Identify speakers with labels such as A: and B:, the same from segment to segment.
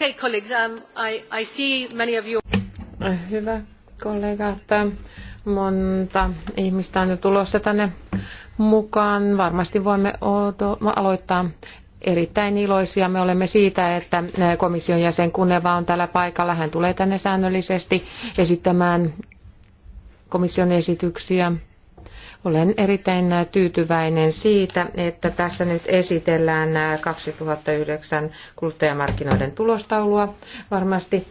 A: Um, Hyvä kollega, että monta ihmistä on jo tulossa tänne mukaan. Varmasti voimme aloittaa erittäin iloisia. Me olemme siitä, että komission jäsen Kuneva on täällä paikalla. Hän tulee tänne säännöllisesti esittämään komission esityksiä olen erittäin tyytyväinen siitä, että tässä nyt esitellään 2009 kuluttajamarkkinoiden tulostaulua. Varmasti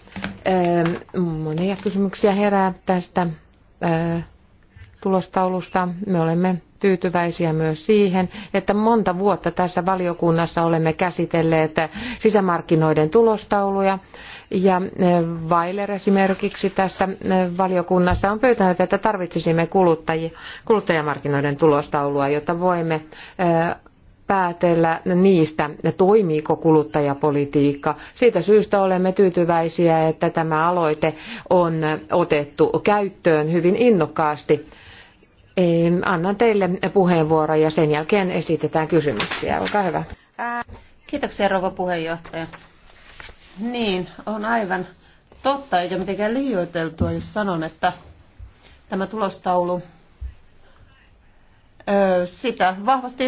A: ähm, monia kysymyksiä herää tästä äh, tulostaulusta. Me olemme tyytyväisiä myös siihen, että monta vuotta tässä valiokunnassa olemme käsitelleet sisämarkkinoiden tulostauluja ja e, Weiler esimerkiksi tässä e, valiokunnassa on pyytänyt, että tarvitsisimme kuluttajamarkkinoiden tulostaulua, jotta voimme e, päätellä niistä, toimiiko kuluttajapolitiikka. Siitä syystä olemme tyytyväisiä, että tämä aloite on otettu käyttöön hyvin innokkaasti. Annan teille puheenvuoron ja sen jälkeen esitetään kysymyksiä. Olkaa hyvä.
B: Kiitoksia rouva puheenjohtaja. Niin, on aivan totta, eikä mitenkään liioiteltua, jos sanon, että tämä tulostaulu, sitä vahvasti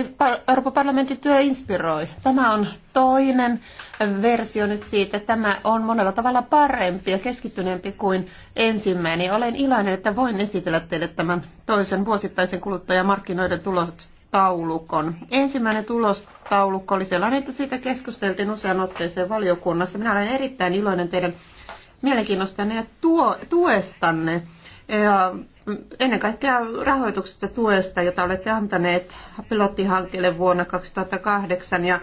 B: Euroopan parlamentin työ inspiroi. Tämä on toinen versio nyt siitä. Tämä on monella tavalla parempi ja keskittyneempi kuin ensimmäinen. Olen iloinen, että voin esitellä teille tämän toisen vuosittaisen kuluttajamarkkinoiden tulostaulukon. Ensimmäinen tulostaulukko oli sellainen, että siitä keskusteltiin usean otteeseen valiokunnassa. Minä olen erittäin iloinen teidän mielenkiinnostanne ja tuo, tuestanne. Ja mm, ennen kaikkea rahoituksesta tuesta, jota olette antaneet pilottihankkeelle vuonna 2008 ja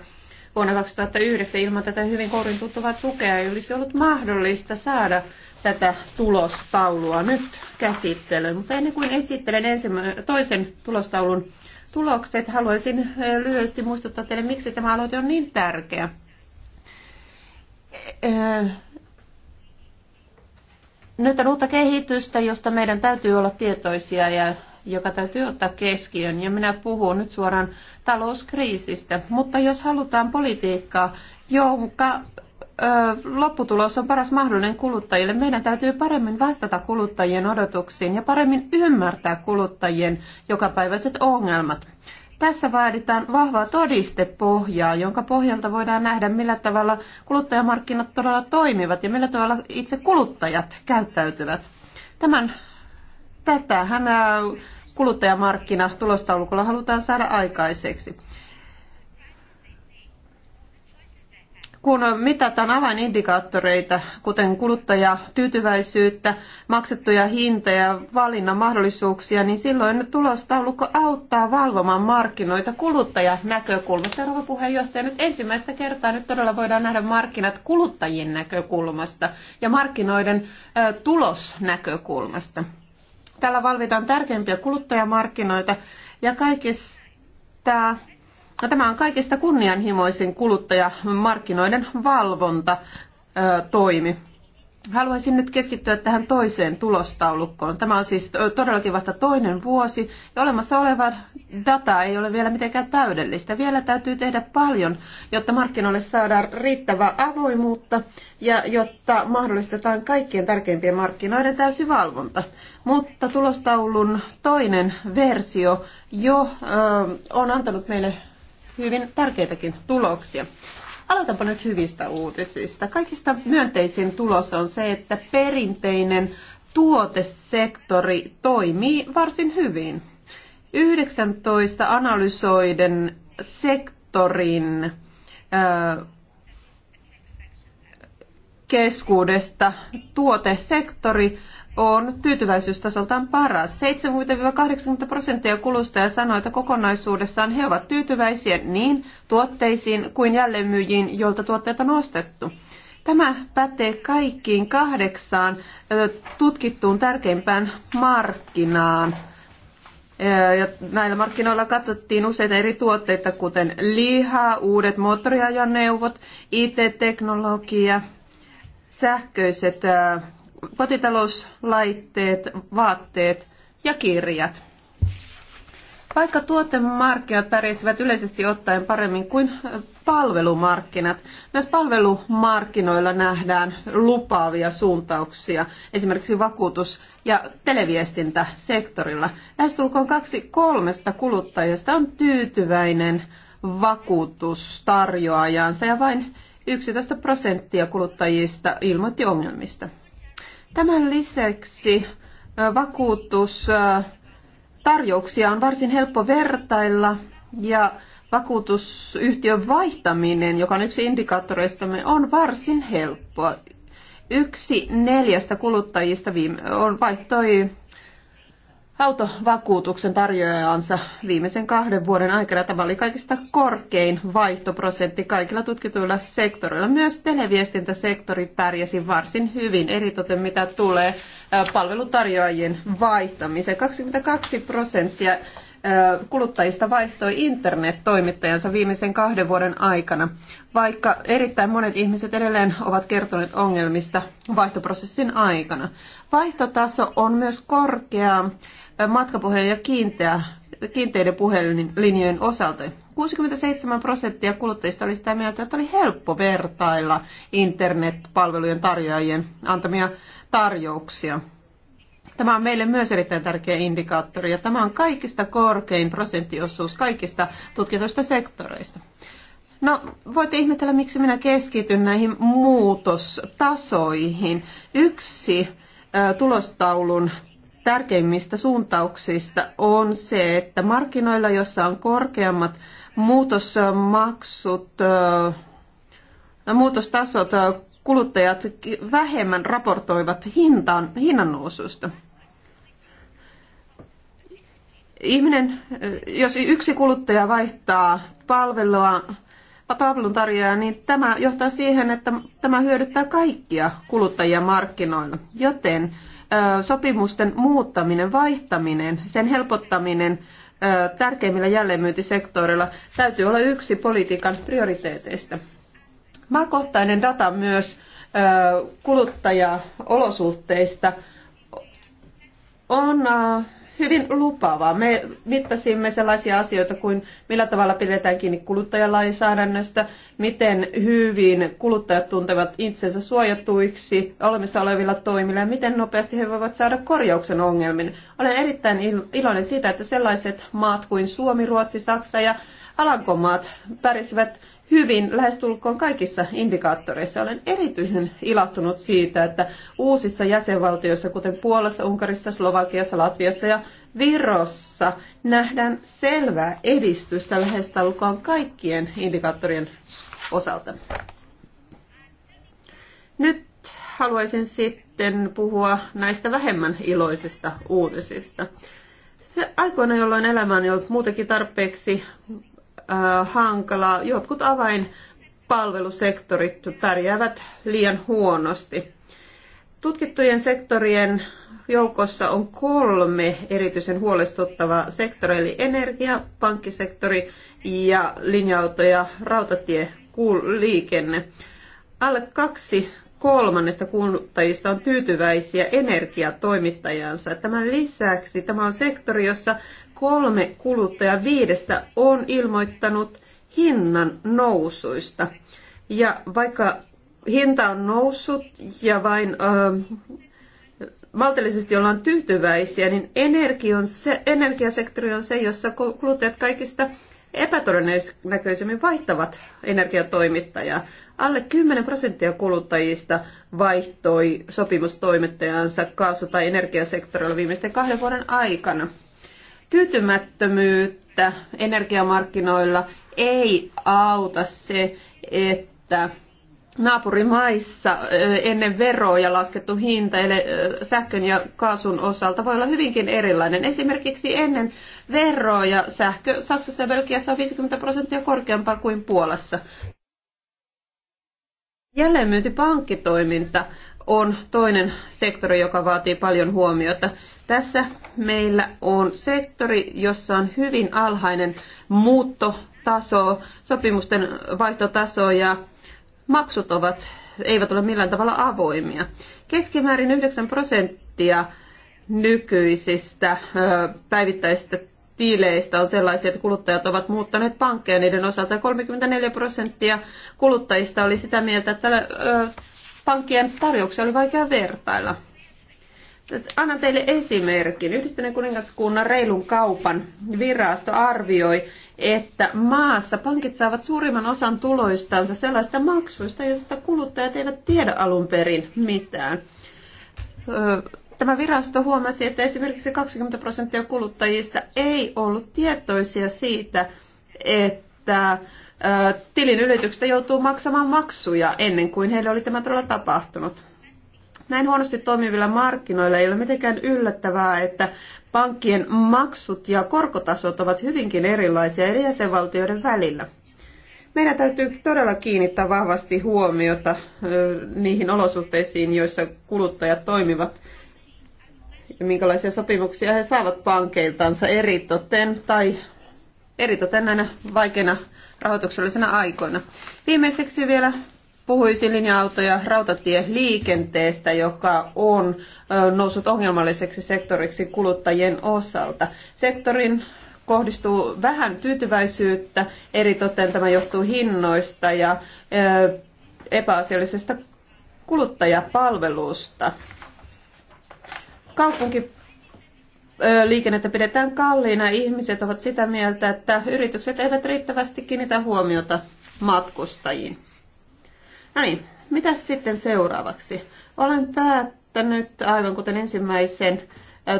B: vuonna 2009 ilman tätä hyvin kourin tuttuvaa tukea ei olisi ollut mahdollista saada tätä tulostaulua nyt käsittelyyn. Mutta ennen kuin esittelen ensimmä, toisen tulostaulun tulokset. Haluaisin lyhyesti muistuttaa teille, miksi tämä aloite on niin tärkeä. Nyt on uutta kehitystä, josta meidän täytyy olla tietoisia ja joka täytyy ottaa keskiön. Ja minä puhun nyt suoraan talouskriisistä. Mutta jos halutaan politiikkaa, jonka lopputulos on paras mahdollinen kuluttajille. Meidän täytyy paremmin vastata kuluttajien odotuksiin ja paremmin ymmärtää kuluttajien jokapäiväiset ongelmat. Tässä vaaditaan vahvaa todistepohjaa, jonka pohjalta voidaan nähdä, millä tavalla kuluttajamarkkinat todella toimivat ja millä tavalla itse kuluttajat käyttäytyvät. Tämän, tätähän kuluttajamarkkina tulostaulukolla halutaan saada aikaiseksi. kun mitataan avainindikaattoreita, kuten kuluttajatyytyväisyyttä, maksettuja hintoja, valinnan mahdollisuuksia, niin silloin tulostaulukko auttaa valvomaan markkinoita näkökulmasta. Rouva puheenjohtaja, nyt ensimmäistä kertaa nyt todella voidaan nähdä markkinat kuluttajien näkökulmasta ja markkinoiden ö, tulosnäkökulmasta. Tällä valvitaan tärkeimpiä kuluttajamarkkinoita ja kaikista No, tämä on kaikista kunnianhimoisin kuluttajamarkkinoiden valvonta toimi. Haluaisin nyt keskittyä tähän toiseen tulostaulukkoon. Tämä on siis todellakin vasta toinen vuosi ja olemassa oleva data ei ole vielä mitenkään täydellistä. Vielä täytyy tehdä paljon, jotta markkinoille saadaan riittävää avoimuutta ja jotta mahdollistetaan kaikkien tärkeimpien markkinoiden täysi valvonta. Mutta tulostaulun toinen versio jo ö, on antanut meille hyvin tärkeitäkin tuloksia. Aloitanpa nyt hyvistä uutisista. Kaikista myönteisin tulos on se, että perinteinen tuotesektori toimii varsin hyvin. 19 analysoiden sektorin keskuudesta tuotesektori on tyytyväisyystasoltaan paras. 70-80 prosenttia kuluttajia sanoo, että kokonaisuudessaan he ovat tyytyväisiä niin tuotteisiin kuin jälleenmyyjiin, joilta tuotteita on ostettu. Tämä pätee kaikkiin kahdeksaan tutkittuun tärkeimpään markkinaan. Ja näillä markkinoilla katsottiin useita eri tuotteita, kuten liha, uudet moottoriajoneuvot, IT-teknologia, sähköiset kotitalouslaitteet, vaatteet ja kirjat. Vaikka tuotemarkkinat pärjäsivät yleisesti ottaen paremmin kuin palvelumarkkinat, myös palvelumarkkinoilla nähdään lupaavia suuntauksia, esimerkiksi vakuutus- ja televiestintäsektorilla. Lähestulkoon kaksi kolmesta kuluttajasta on tyytyväinen vakuutustarjoajansa ja vain 11 prosenttia kuluttajista ilmoitti ongelmista. Tämän lisäksi vakuutustarjouksia on varsin helppo vertailla ja vakuutusyhtiön vaihtaminen, joka on yksi indikaattoreistamme, on varsin helppoa. Yksi neljästä kuluttajista viime, on vaihtoi autovakuutuksen tarjoajansa viimeisen kahden vuoden aikana. Tämä oli kaikista korkein vaihtoprosentti kaikilla tutkituilla sektoreilla. Myös televiestintäsektori pärjäsi varsin hyvin, eritoten mitä tulee palvelutarjoajien vaihtamiseen. 22 prosenttia kuluttajista vaihtoi internet-toimittajansa viimeisen kahden vuoden aikana, vaikka erittäin monet ihmiset edelleen ovat kertoneet ongelmista vaihtoprosessin aikana. Vaihtotaso on myös korkea matkapuhelin ja kiinteä, kiinteiden puhelinlinjojen osalta. 67 prosenttia kuluttajista oli sitä mieltä, että oli helppo vertailla internetpalvelujen tarjoajien antamia tarjouksia. Tämä on meille myös erittäin tärkeä indikaattori ja tämä on kaikista korkein prosenttiosuus kaikista tutkituista sektoreista. No, voitte ihmetellä, miksi minä keskityn näihin muutostasoihin. Yksi tulostaulun tärkeimmistä suuntauksista on se, että markkinoilla, jossa on korkeammat muutosmaksut, muutostasot, kuluttajat vähemmän raportoivat hintaan, noususta. Ihminen, jos yksi kuluttaja vaihtaa palvelua palveluntarjoaja, niin tämä johtaa siihen, että tämä hyödyttää kaikkia kuluttajia markkinoilla. Joten sopimusten muuttaminen, vaihtaminen, sen helpottaminen tärkeimmillä jälleenmyyntisektoreilla täytyy olla yksi politiikan prioriteeteista. Maakohtainen data myös kuluttajaolosuhteista on hyvin lupaavaa. Me mittasimme sellaisia asioita kuin millä tavalla pidetään kiinni kuluttajalainsäädännöstä, miten hyvin kuluttajat tuntevat itsensä suojatuiksi olemassa olevilla toimilla ja miten nopeasti he voivat saada korjauksen ongelmin. Olen erittäin iloinen siitä, että sellaiset maat kuin Suomi, Ruotsi, Saksa ja Alankomaat pärisivät hyvin lähestulkoon kaikissa indikaattoreissa. Olen erityisen ilahtunut siitä, että uusissa jäsenvaltioissa, kuten Puolassa, Unkarissa, Slovakiassa, Latviassa ja Virossa, nähdään selvää edistystä lähestulkoon kaikkien indikaattorien osalta. Nyt haluaisin sitten puhua näistä vähemmän iloisista uutisista. Se aikoina, jolloin elämä on jo muutenkin tarpeeksi Äh, hankala. Jotkut avainpalvelusektorit pärjäävät liian huonosti. Tutkittujen sektorien joukossa on kolme erityisen huolestuttavaa sektoria, eli energia, pankkisektori ja linja-auto- ja rautatieliikenne. Alle kaksi kolmannesta kuluttajista on tyytyväisiä energiatoimittajansa. Tämän lisäksi tämä on sektori, jossa kolme kuluttajaa viidestä on ilmoittanut hinnan nousuista. Ja vaikka hinta on noussut ja vain ö, maltillisesti ollaan tyytyväisiä, niin on se, energiasektori on se, jossa kuluttajat kaikista epätodennäköisemmin vaihtavat energiatoimittajaa. Alle 10 prosenttia kuluttajista vaihtoi sopimustoimittajansa kaasu- tai energiasektorilla viimeisten kahden vuoden aikana tyytymättömyyttä energiamarkkinoilla ei auta se, että naapurimaissa ennen veroja laskettu hinta eli sähkön ja kaasun osalta voi olla hyvinkin erilainen. Esimerkiksi ennen veroja sähkö Saksassa ja Belgiassa on 50 prosenttia korkeampaa kuin Puolassa. Jälleenmyyntipankkitoiminta on toinen sektori, joka vaatii paljon huomiota. Tässä meillä on sektori, jossa on hyvin alhainen muuttotaso, sopimusten vaihtotaso ja maksut ovat, eivät ole millään tavalla avoimia. Keskimäärin 9 prosenttia nykyisistä päivittäisistä tiileistä on sellaisia, että kuluttajat ovat muuttaneet pankkeja niiden osalta. 34 prosenttia kuluttajista oli sitä mieltä, että pankkien tarjouksia oli vaikea vertailla. Annan teille esimerkin. Yhdistyneen kuningaskunnan reilun kaupan virasto arvioi, että maassa pankit saavat suurimman osan tuloistansa sellaista maksuista, joista kuluttajat eivät tiedä alun perin mitään. Tämä virasto huomasi, että esimerkiksi 20 prosenttia kuluttajista ei ollut tietoisia siitä, että tilin ylityksestä joutuu maksamaan maksuja ennen kuin heille oli tämä todella tapahtunut. Näin huonosti toimivilla markkinoilla ei ole mitenkään yllättävää, että pankkien maksut ja korkotasot ovat hyvinkin erilaisia eri jäsenvaltioiden välillä. Meidän täytyy todella kiinnittää vahvasti huomiota niihin olosuhteisiin, joissa kuluttajat toimivat ja minkälaisia sopimuksia he saavat pankeiltansa eritoten tai eritoten näinä vaikeina rahoituksellisena aikoina. Viimeiseksi vielä puhuisin linja-auto- ja rautatieliikenteestä, joka on noussut ongelmalliseksi sektoriksi kuluttajien osalta. Sektorin kohdistuu vähän tyytyväisyyttä, eritoten tämä johtuu hinnoista ja epäasiallisesta kuluttajapalvelusta. Kaupunki liikennettä pidetään kalliina. Ihmiset ovat sitä mieltä, että yritykset eivät riittävästi kiinnitä huomiota matkustajiin. No niin, mitä sitten seuraavaksi? Olen päättänyt, aivan kuten ensimmäisen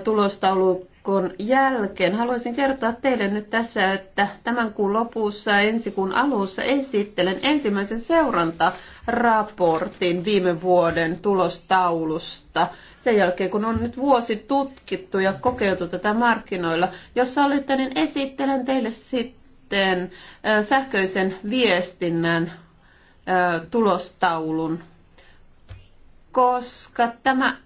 B: tulostaulukon jälkeen, haluaisin kertoa teille nyt tässä, että tämän kuun lopussa ja ensi kuun alussa esittelen ensimmäisen seurantaraportin viime vuoden tulostaulusta sen jälkeen, kun on nyt vuosi tutkittu ja kokeiltu tätä markkinoilla. Jos sallitte, niin esittelen teille sitten sähköisen viestinnän tulostaulun, koska tämä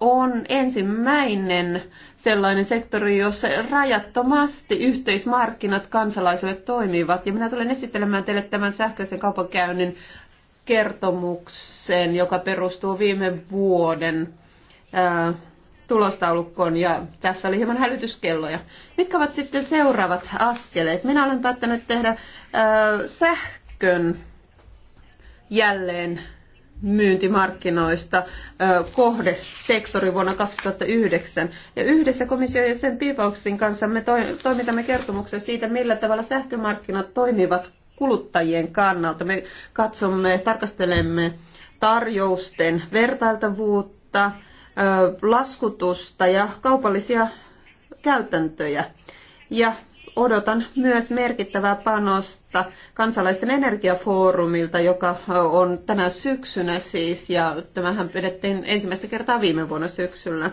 B: on ensimmäinen sellainen sektori, jossa rajattomasti yhteismarkkinat kansalaisille toimivat. Ja minä tulen esittelemään teille tämän sähköisen kaupankäynnin kertomuksen, joka perustuu viime vuoden ää, tulostaulukkoon ja tässä oli hieman hälytyskelloja. Mitkä ovat sitten seuraavat askeleet? Minä olen päättänyt tehdä ää, sähkön jälleen myyntimarkkinoista kohdesektori vuonna 2009. Ja yhdessä komission ja sen piipauksin kanssa me toimitamme kertomuksen siitä, millä tavalla sähkömarkkinat toimivat kuluttajien kannalta. Me katsomme, tarkastelemme tarjousten vertailtavuutta, laskutusta ja kaupallisia käytäntöjä. Ja odotan myös merkittävää panosta kansalaisten energiafoorumilta, joka on tänä syksynä siis, ja tämähän pidettiin ensimmäistä kertaa viime vuonna syksyllä.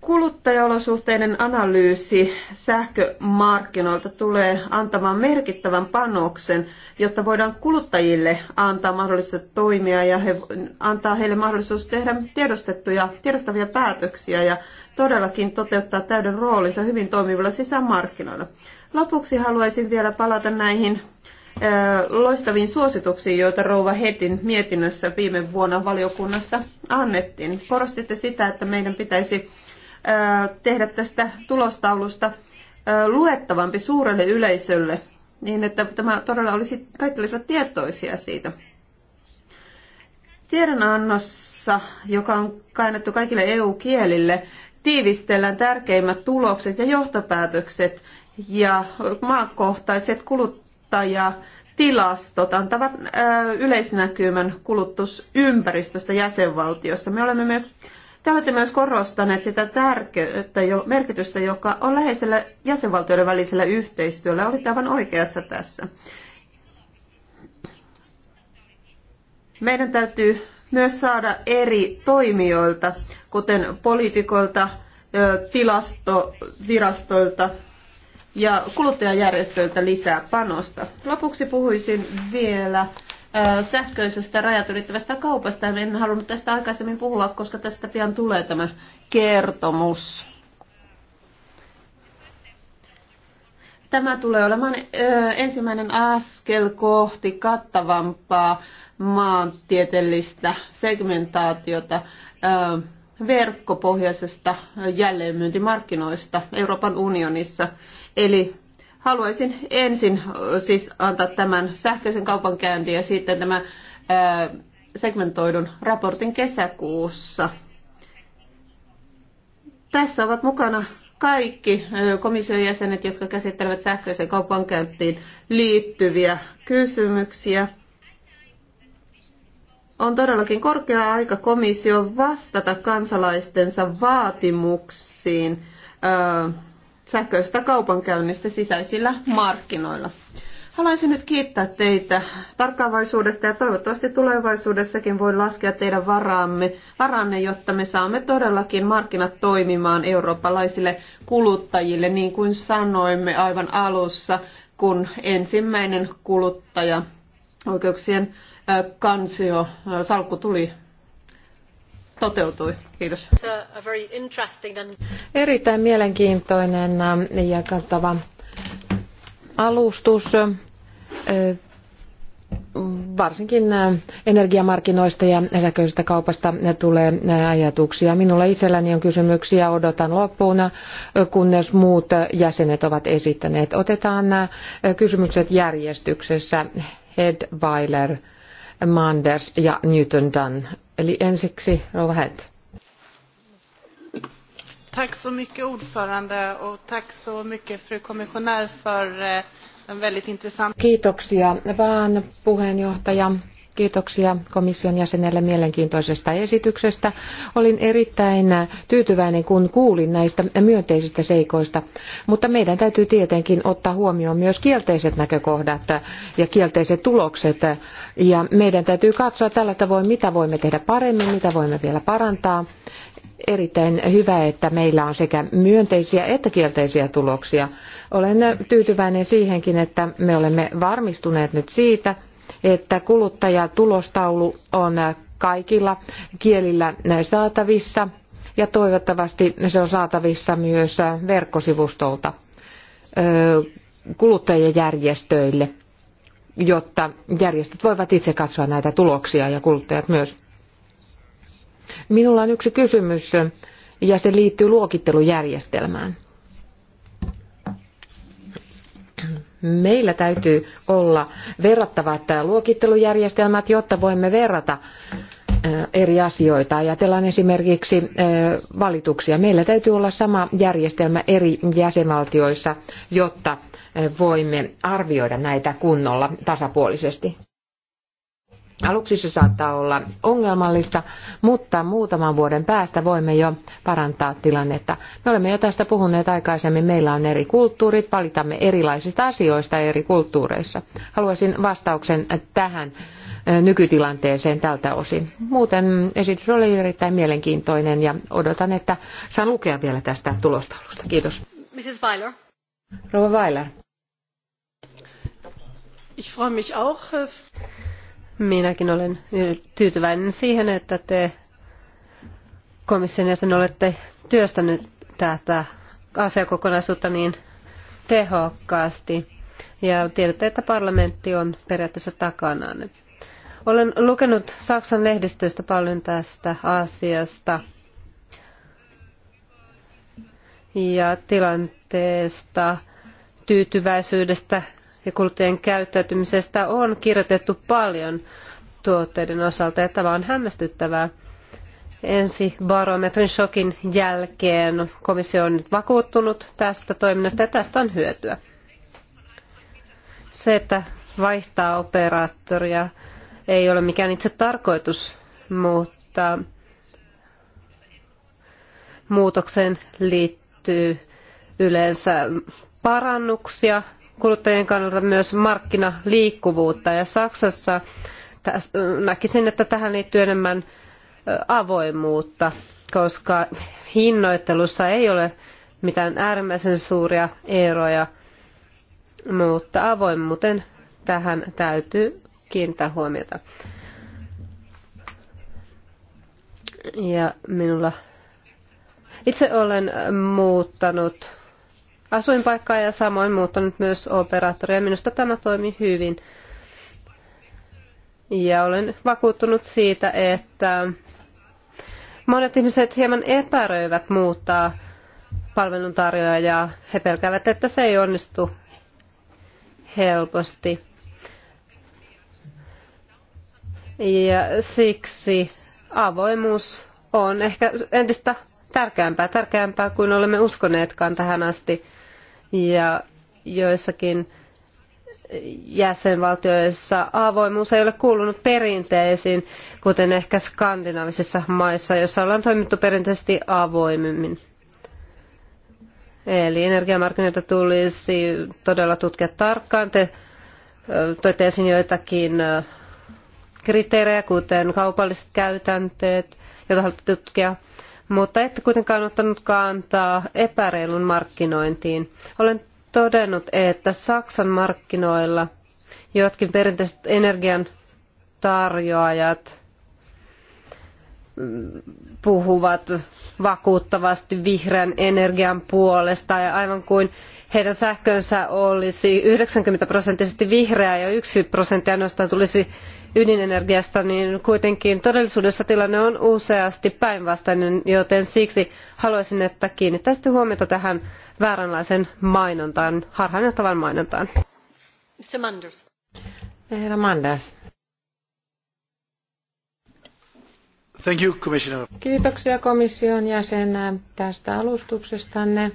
B: Kuluttajaolosuhteiden analyysi sähkömarkkinoilta tulee antamaan merkittävän panoksen, jotta voidaan kuluttajille antaa mahdollisuus toimia ja he, antaa heille mahdollisuus tehdä tiedostettuja, tiedostavia päätöksiä ja todellakin toteuttaa täyden roolinsa hyvin toimivilla sisämarkkinoilla. Lopuksi haluaisin vielä palata näihin loistaviin suosituksiin, joita Rouva Hetin mietinnössä viime vuonna valiokunnassa annettiin. Korostitte sitä, että meidän pitäisi tehdä tästä tulostaulusta luettavampi suurelle yleisölle, niin että tämä todella olisi, kaikki olisivat tietoisia siitä. Tiedonannossa, joka on käännetty kaikille EU-kielille, tiivistellään tärkeimmät tulokset ja johtopäätökset ja maakohtaiset kuluttajatilastot antavat yleisnäkymän kulutusympäristöstä jäsenvaltiossa. Me olemme myös te olette myös korostaneet sitä tärkeyttä, jo, merkitystä, joka on läheisellä jäsenvaltioiden välisellä yhteistyöllä. Olette aivan oikeassa tässä. Meidän täytyy myös saada eri toimijoilta, kuten poliitikoilta, tilastovirastoilta ja kuluttajajärjestöiltä lisää panosta. Lopuksi puhuisin vielä sähköisestä rajat ylittävästä kaupasta. En halunnut tästä aikaisemmin puhua, koska tästä pian tulee tämä kertomus. Tämä tulee olemaan ensimmäinen askel kohti kattavampaa maantieteellistä segmentaatiota verkkopohjaisesta jälleenmyyntimarkkinoista Euroopan unionissa. Eli haluaisin ensin siis antaa tämän sähköisen kaupankäynti ja sitten tämän segmentoidun raportin kesäkuussa. Tässä ovat mukana kaikki komission jäsenet, jotka käsittelevät sähköisen kaupankäyntiin liittyviä kysymyksiä on todellakin korkea aika komissio vastata kansalaistensa vaatimuksiin ö, sähköistä kaupankäynnistä sisäisillä markkinoilla. Haluaisin nyt kiittää teitä tarkkaavaisuudesta ja toivottavasti tulevaisuudessakin voi laskea teidän varaamme, varanne, jotta me saamme todellakin markkinat toimimaan eurooppalaisille kuluttajille, niin kuin sanoimme aivan alussa, kun ensimmäinen kuluttaja oikeuksien kansio, salkku tuli toteutui. Kiitos. Erittäin
A: mielenkiintoinen ja kattava alustus varsinkin energiamarkkinoista ja sähköisestä kaupasta tulee ajatuksia. Minulla itselläni on kysymyksiä, odotan loppuun, kunnes muut jäsenet ovat esittäneet. Otetaan nämä kysymykset järjestyksessä. Head Weiler Manders ja Newton Dunn. Eli ensiksi Rova Head.
B: Tack så mycket ordförande och tack så mycket fru kommissionär för eh, en väldigt intressant...
A: Kiitoksia vaan puheenjohtaja Kiitoksia komission jäsenelle mielenkiintoisesta esityksestä. Olin erittäin tyytyväinen, kun kuulin näistä myönteisistä seikoista, mutta meidän täytyy tietenkin ottaa huomioon myös kielteiset näkökohdat ja kielteiset tulokset. Ja meidän täytyy katsoa tällä tavoin, mitä voimme tehdä paremmin, mitä voimme vielä parantaa. Erittäin hyvä, että meillä on sekä myönteisiä että kielteisiä tuloksia. Olen tyytyväinen siihenkin, että me olemme varmistuneet nyt siitä, että kuluttajatulostaulu on kaikilla kielillä saatavissa ja toivottavasti se on saatavissa myös verkkosivustolta kuluttajajärjestöille, jotta järjestöt voivat itse katsoa näitä tuloksia ja kuluttajat myös. Minulla on yksi kysymys ja se liittyy luokittelujärjestelmään. meillä täytyy olla verrattavat luokittelujärjestelmät, jotta voimme verrata eri asioita. Ajatellaan esimerkiksi valituksia. Meillä täytyy olla sama järjestelmä eri jäsenvaltioissa, jotta voimme arvioida näitä kunnolla tasapuolisesti. Aluksi se saattaa olla ongelmallista, mutta muutaman vuoden päästä voimme jo parantaa tilannetta. Me olemme jo tästä puhuneet aikaisemmin. Meillä on eri kulttuurit, valitamme erilaisista asioista eri kulttuureissa. Haluaisin vastauksen tähän nykytilanteeseen tältä osin. Muuten esitys oli erittäin mielenkiintoinen ja odotan, että saan lukea vielä tästä tulostaulusta.
C: Kiitos. Mrs. Weiler. Rouva Weiler.
B: Ich freue mich auch. Äh,
C: Minäkin olen tyytyväinen siihen, että te komission jäsen olette työstänyt tätä asiakokonaisuutta niin tehokkaasti. Ja tiedätte, että parlamentti on periaatteessa takanaan. Olen lukenut Saksan lehdistöstä paljon tästä asiasta ja tilanteesta, tyytyväisyydestä ja kuluttajien käyttäytymisestä on kirjoitettu paljon tuotteiden osalta ja tämä on hämmästyttävää. Ensi barometrin shokin jälkeen komissio on nyt vakuuttunut tästä toiminnasta ja tästä on hyötyä. Se, että vaihtaa operaattoria ei ole mikään itse tarkoitus, mutta muutokseen liittyy yleensä parannuksia kuluttajien kannalta myös markkinaliikkuvuutta. Ja Saksassa näkisin, että tähän liittyy enemmän avoimuutta, koska hinnoittelussa ei ole mitään äärimmäisen suuria eroja, mutta avoimuuteen tähän täytyy kiinnittää huomiota. Ja minulla itse olen muuttanut asuinpaikkaa ja samoin muuttanut myös operaattoria. Minusta tämä toimi hyvin. Ja olen vakuuttunut siitä, että monet ihmiset hieman epäröivät muuttaa palveluntarjoajaa. He pelkäävät, että se ei onnistu helposti. Ja siksi avoimuus on ehkä entistä tärkeämpää, tärkeämpää kuin olemme uskoneetkaan tähän asti ja joissakin jäsenvaltioissa avoimuus ei ole kuulunut perinteisiin, kuten ehkä skandinaavisissa maissa, joissa ollaan toimittu perinteisesti avoimemmin. Eli energiamarkkinoita tulisi todella tutkia tarkkaan. Te toitte esiin joitakin kriteerejä, kuten kaupalliset käytänteet, joita haluatte tutkia – mutta ette kuitenkaan ottanut kantaa epäreilun markkinointiin. Olen todennut, että Saksan markkinoilla jotkin perinteiset energian tarjoajat mm, puhuvat vakuuttavasti vihreän energian puolesta ja aivan kuin heidän sähkönsä olisi 90 prosenttisesti vihreää ja yksi prosentti ainoastaan tulisi ydinenergiasta, niin kuitenkin todellisuudessa tilanne on useasti päinvastainen, joten siksi haluaisin, että kiinnittäisitte huomiota tähän vääränlaisen mainontaan, harhaanjohtavaan mainontaan.
A: Mr. Manders.
C: Manders. Thank you, Commissioner.
A: Kiitoksia komission jäsen tästä alustuksestanne.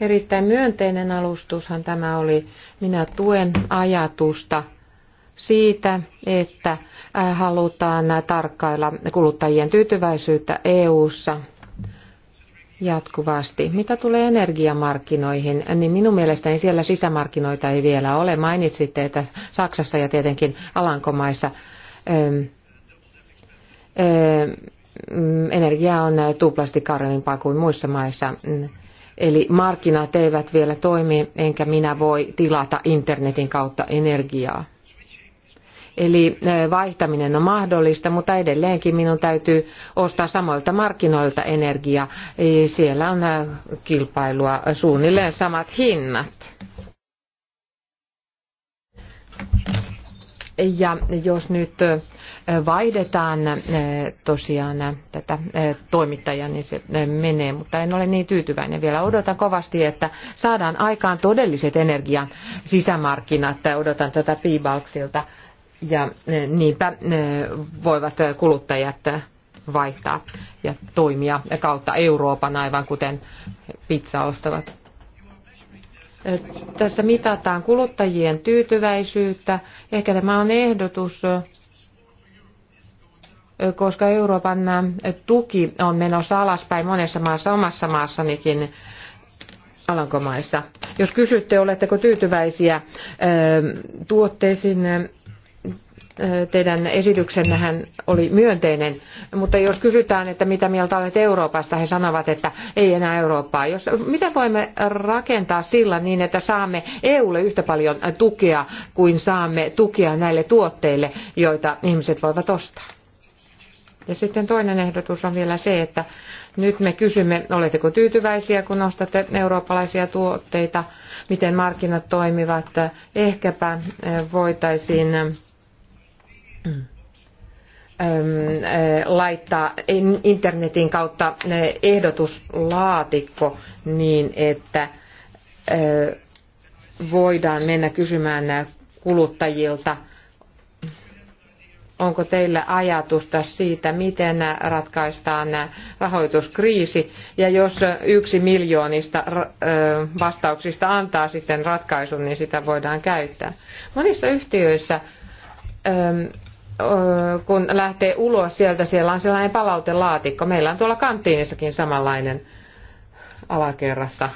A: Erittäin myönteinen alustushan tämä oli. Minä tuen ajatusta siitä, että äh, halutaan tarkkailla kuluttajien tyytyväisyyttä EU:ssa jatkuvasti. Mitä tulee energiamarkkinoihin, niin minun mielestäni siellä sisämarkkinoita ei vielä ole. Mainitsitte, että Saksassa ja tietenkin Alankomaissa ähm, ähm, energia on tuplasti kalliimpaa kuin muissa maissa. Eli markkinat eivät vielä toimi, enkä minä voi tilata internetin kautta energiaa. Eli vaihtaminen on mahdollista, mutta edelleenkin minun täytyy ostaa samoilta markkinoilta energiaa. Siellä on kilpailua suunnilleen samat hinnat. Ja jos nyt vaihdetaan tosiaan tätä toimittajaa, niin se menee, mutta en ole niin tyytyväinen vielä. Odotan kovasti, että saadaan aikaan todelliset energian sisämarkkinat. Odotan tätä Piibalksilta ja e, niinpä e, voivat kuluttajat vaihtaa ja toimia kautta Euroopan, aivan kuten pizza ostavat. E, tässä mitataan kuluttajien tyytyväisyyttä. Ehkä tämä on ehdotus, koska Euroopan tuki on menossa alaspäin monessa maassa, omassa maassanikin Alankomaissa. Jos kysytte, oletteko tyytyväisiä tuotteisiin, teidän esityksennehän oli myönteinen, mutta jos kysytään, että mitä mieltä olet Euroopasta, he sanovat, että ei enää Eurooppaa. Jos, miten voimme rakentaa sillä niin, että saamme EUlle yhtä paljon tukea kuin saamme tukea näille tuotteille, joita ihmiset voivat ostaa? Ja sitten toinen ehdotus on vielä se, että nyt me kysymme, oletteko tyytyväisiä, kun ostatte eurooppalaisia tuotteita, miten markkinat toimivat. Ehkäpä voitaisiin laittaa internetin kautta ehdotuslaatikko niin, että voidaan mennä kysymään kuluttajilta, onko teillä ajatusta siitä, miten ratkaistaan rahoituskriisi, ja jos yksi miljoonista vastauksista antaa sitten ratkaisun, niin sitä voidaan käyttää. Monissa yhtiöissä kun lähtee ulos sieltä, siellä on sellainen palautelaatikko. Meillä on tuolla kanttiinissakin samanlainen alakerrassa.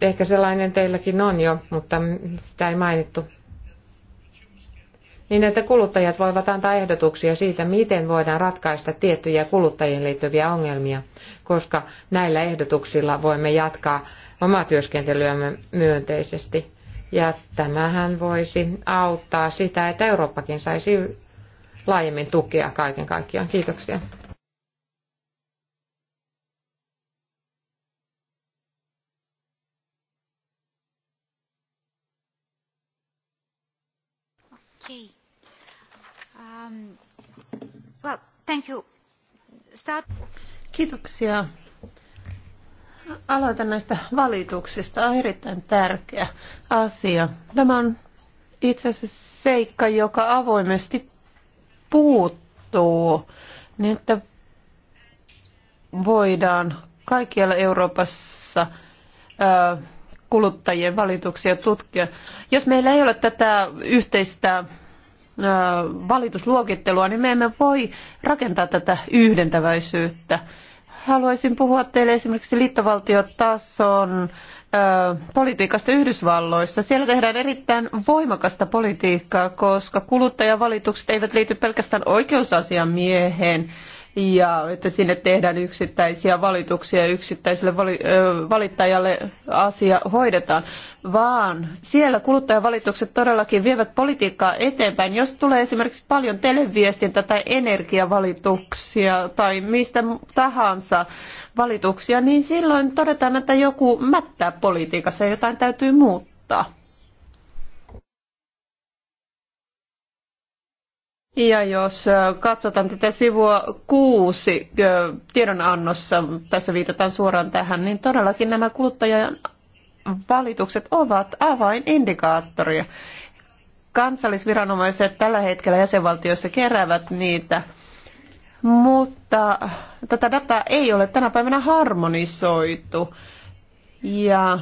A: Ehkä sellainen teilläkin on jo, mutta sitä ei mainittu. Niin, että kuluttajat voivat antaa ehdotuksia siitä, miten voidaan ratkaista tiettyjä kuluttajien liittyviä ongelmia, koska näillä ehdotuksilla voimme jatkaa omaa työskentelyämme myönteisesti. Ja tämähän voisi auttaa sitä, että Eurooppakin saisi laajemmin tukea kaiken kaikkiaan. Kiitoksia.
C: Okay. Um, well, thank you.
B: Start... Kiitoksia aloitan näistä valituksista. On erittäin tärkeä asia. Tämä on itse asiassa seikka, joka avoimesti puuttuu, niin että voidaan kaikkialla Euroopassa kuluttajien valituksia tutkia. Jos meillä ei ole tätä yhteistä valitusluokittelua, niin me emme voi rakentaa tätä yhdentäväisyyttä haluaisin puhua teille esimerkiksi liittovaltiotason politiikasta Yhdysvalloissa. Siellä tehdään erittäin voimakasta politiikkaa, koska kuluttajavalitukset eivät liity pelkästään oikeusasiamieheen, ja että sinne tehdään yksittäisiä valituksia yksittäiselle vali, valittajalle asia hoidetaan, vaan siellä kuluttajavalitukset todellakin vievät politiikkaa eteenpäin. Jos tulee esimerkiksi paljon televiestintä tai energiavalituksia tai mistä tahansa valituksia, niin silloin todetaan, että joku mättää politiikassa ja jotain täytyy muuttaa Ja jos katsotaan tätä sivua kuusi tiedonannossa, tässä viitataan suoraan tähän, niin todellakin nämä kuluttajan valitukset ovat avainindikaattoria. Kansallisviranomaiset tällä hetkellä jäsenvaltioissa keräävät niitä, mutta tätä dataa ei ole tänä päivänä harmonisoitu. Ja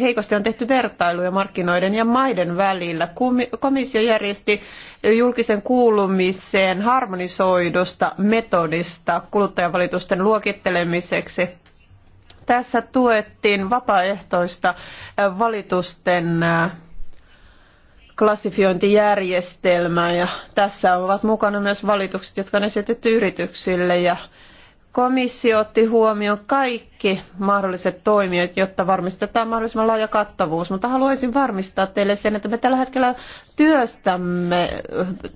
B: heikosti on tehty vertailuja markkinoiden ja maiden välillä. Komissio järjesti julkisen kuulumisen harmonisoidusta metodista kuluttajavalitusten luokittelemiseksi. Tässä tuettiin vapaaehtoista valitusten klassifiointijärjestelmää ja tässä ovat mukana myös valitukset, jotka on esitetty yrityksille ja komissio otti huomioon kaikki kaikki mahdolliset toimijat, jotta varmistetaan mahdollisimman laaja kattavuus. Mutta haluaisin varmistaa teille sen, että me tällä hetkellä työstämme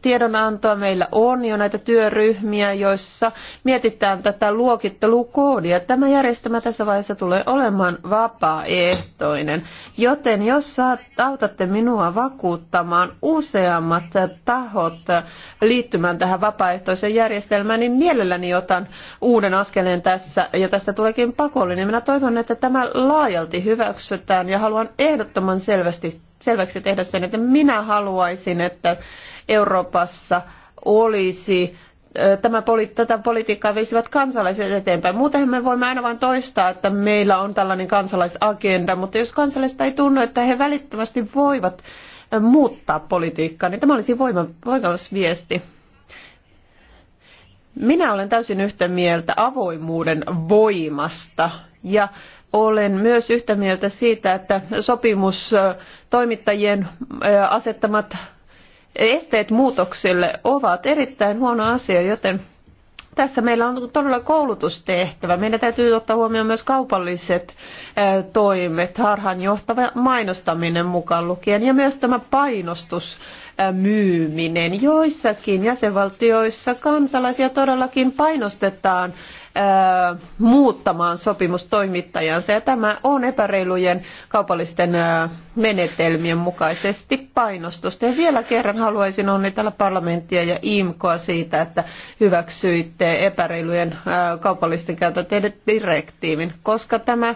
B: tiedonantoa. Meillä on jo näitä työryhmiä, joissa mietitään tätä luokittelukoodia. Tämä järjestelmä tässä vaiheessa tulee olemaan vapaaehtoinen. Joten jos saat, autatte minua vakuuttamaan useammat tahot liittymään tähän vapaaehtoiseen järjestelmään, niin mielelläni otan uuden askeleen tässä ja tästä tuleekin pakko pakollinen. Minä toivon, että tämä laajalti hyväksytään ja haluan ehdottoman selvästi, selväksi tehdä sen, että minä haluaisin, että Euroopassa olisi tämä, tätä politiikkaa veisivät kansalaiset eteenpäin. Muutenhan me voimme aina vain toistaa, että meillä on tällainen kansalaisagenda, mutta jos kansalaiset ei tunnu, että he välittömästi voivat muuttaa politiikkaa, niin tämä olisi voimakas viesti. Minä olen täysin yhtä mieltä avoimuuden voimasta ja olen myös yhtä mieltä siitä, että sopimustoimittajien asettamat esteet muutoksille ovat erittäin huono asia, joten tässä meillä on todella koulutustehtävä. Meidän täytyy ottaa huomioon myös kaupalliset toimet, harhaanjohtava mainostaminen mukaan lukien ja myös tämä painostus myyminen. Joissakin jäsenvaltioissa kansalaisia todellakin painostetaan muuttamaan sopimustoimittajansa ja tämä on epäreilujen kaupallisten menetelmien mukaisesti painostusta. Ja vielä kerran haluaisin onnitella parlamenttia ja IMKOa siitä, että hyväksyitte epäreilujen kaupallisten käytänteiden direktiivin, koska tämä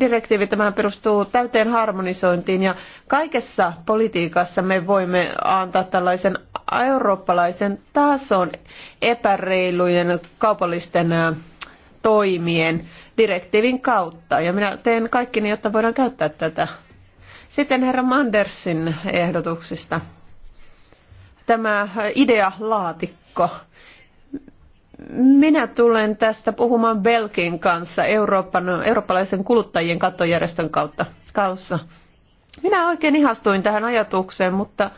B: direktiivi tämä perustuu täyteen harmonisointiin ja kaikessa politiikassa me voimme antaa tällaisen eurooppalaisen tason epäreilujen kaupallisten toimien direktiivin kautta. Ja minä teen kaikki niin, jotta voidaan käyttää tätä. Sitten herra Mandersin ehdotuksista. Tämä idea laatikko. Minä tulen tästä puhumaan Belkin kanssa Euroopan, eurooppalaisen kuluttajien kattojärjestön kautta, kanssa. Minä oikein ihastuin tähän ajatukseen, mutta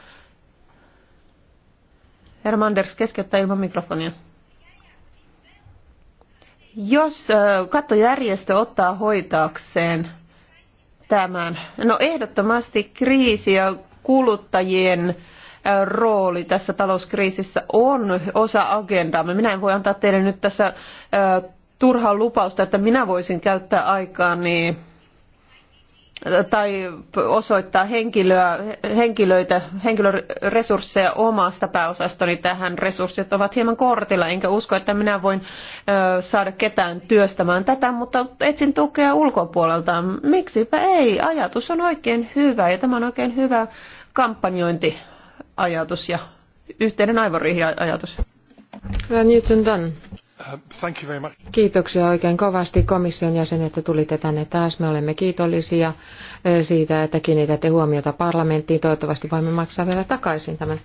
B: herra Manders keskeyttää ilman mikrofonia. Jos kattojärjestö ottaa hoitaakseen tämän, no ehdottomasti kriisi ja kuluttajien rooli tässä talouskriisissä on osa agendaamme. Minä en voi antaa teille nyt tässä turhaa lupausta, että minä voisin käyttää aikaani tai osoittaa henkilöä, henkilöitä, henkilöresursseja omasta pääosastoni tähän. Resurssit ovat hieman kortilla, enkä usko, että minä voin saada ketään työstämään tätä, mutta etsin tukea ulkopuolelta. Miksipä ei? Ajatus on oikein hyvä ja tämä on oikein hyvä kampanjointi ajatus ja yhteinen aivoriihi-ajatus. Uh,
A: Kiitoksia oikein kovasti komission jäsen, että tulitte tänne taas. Me olemme kiitollisia uh, siitä, että kiinnitätte huomiota parlamenttiin. Toivottavasti voimme maksaa vielä takaisin tämän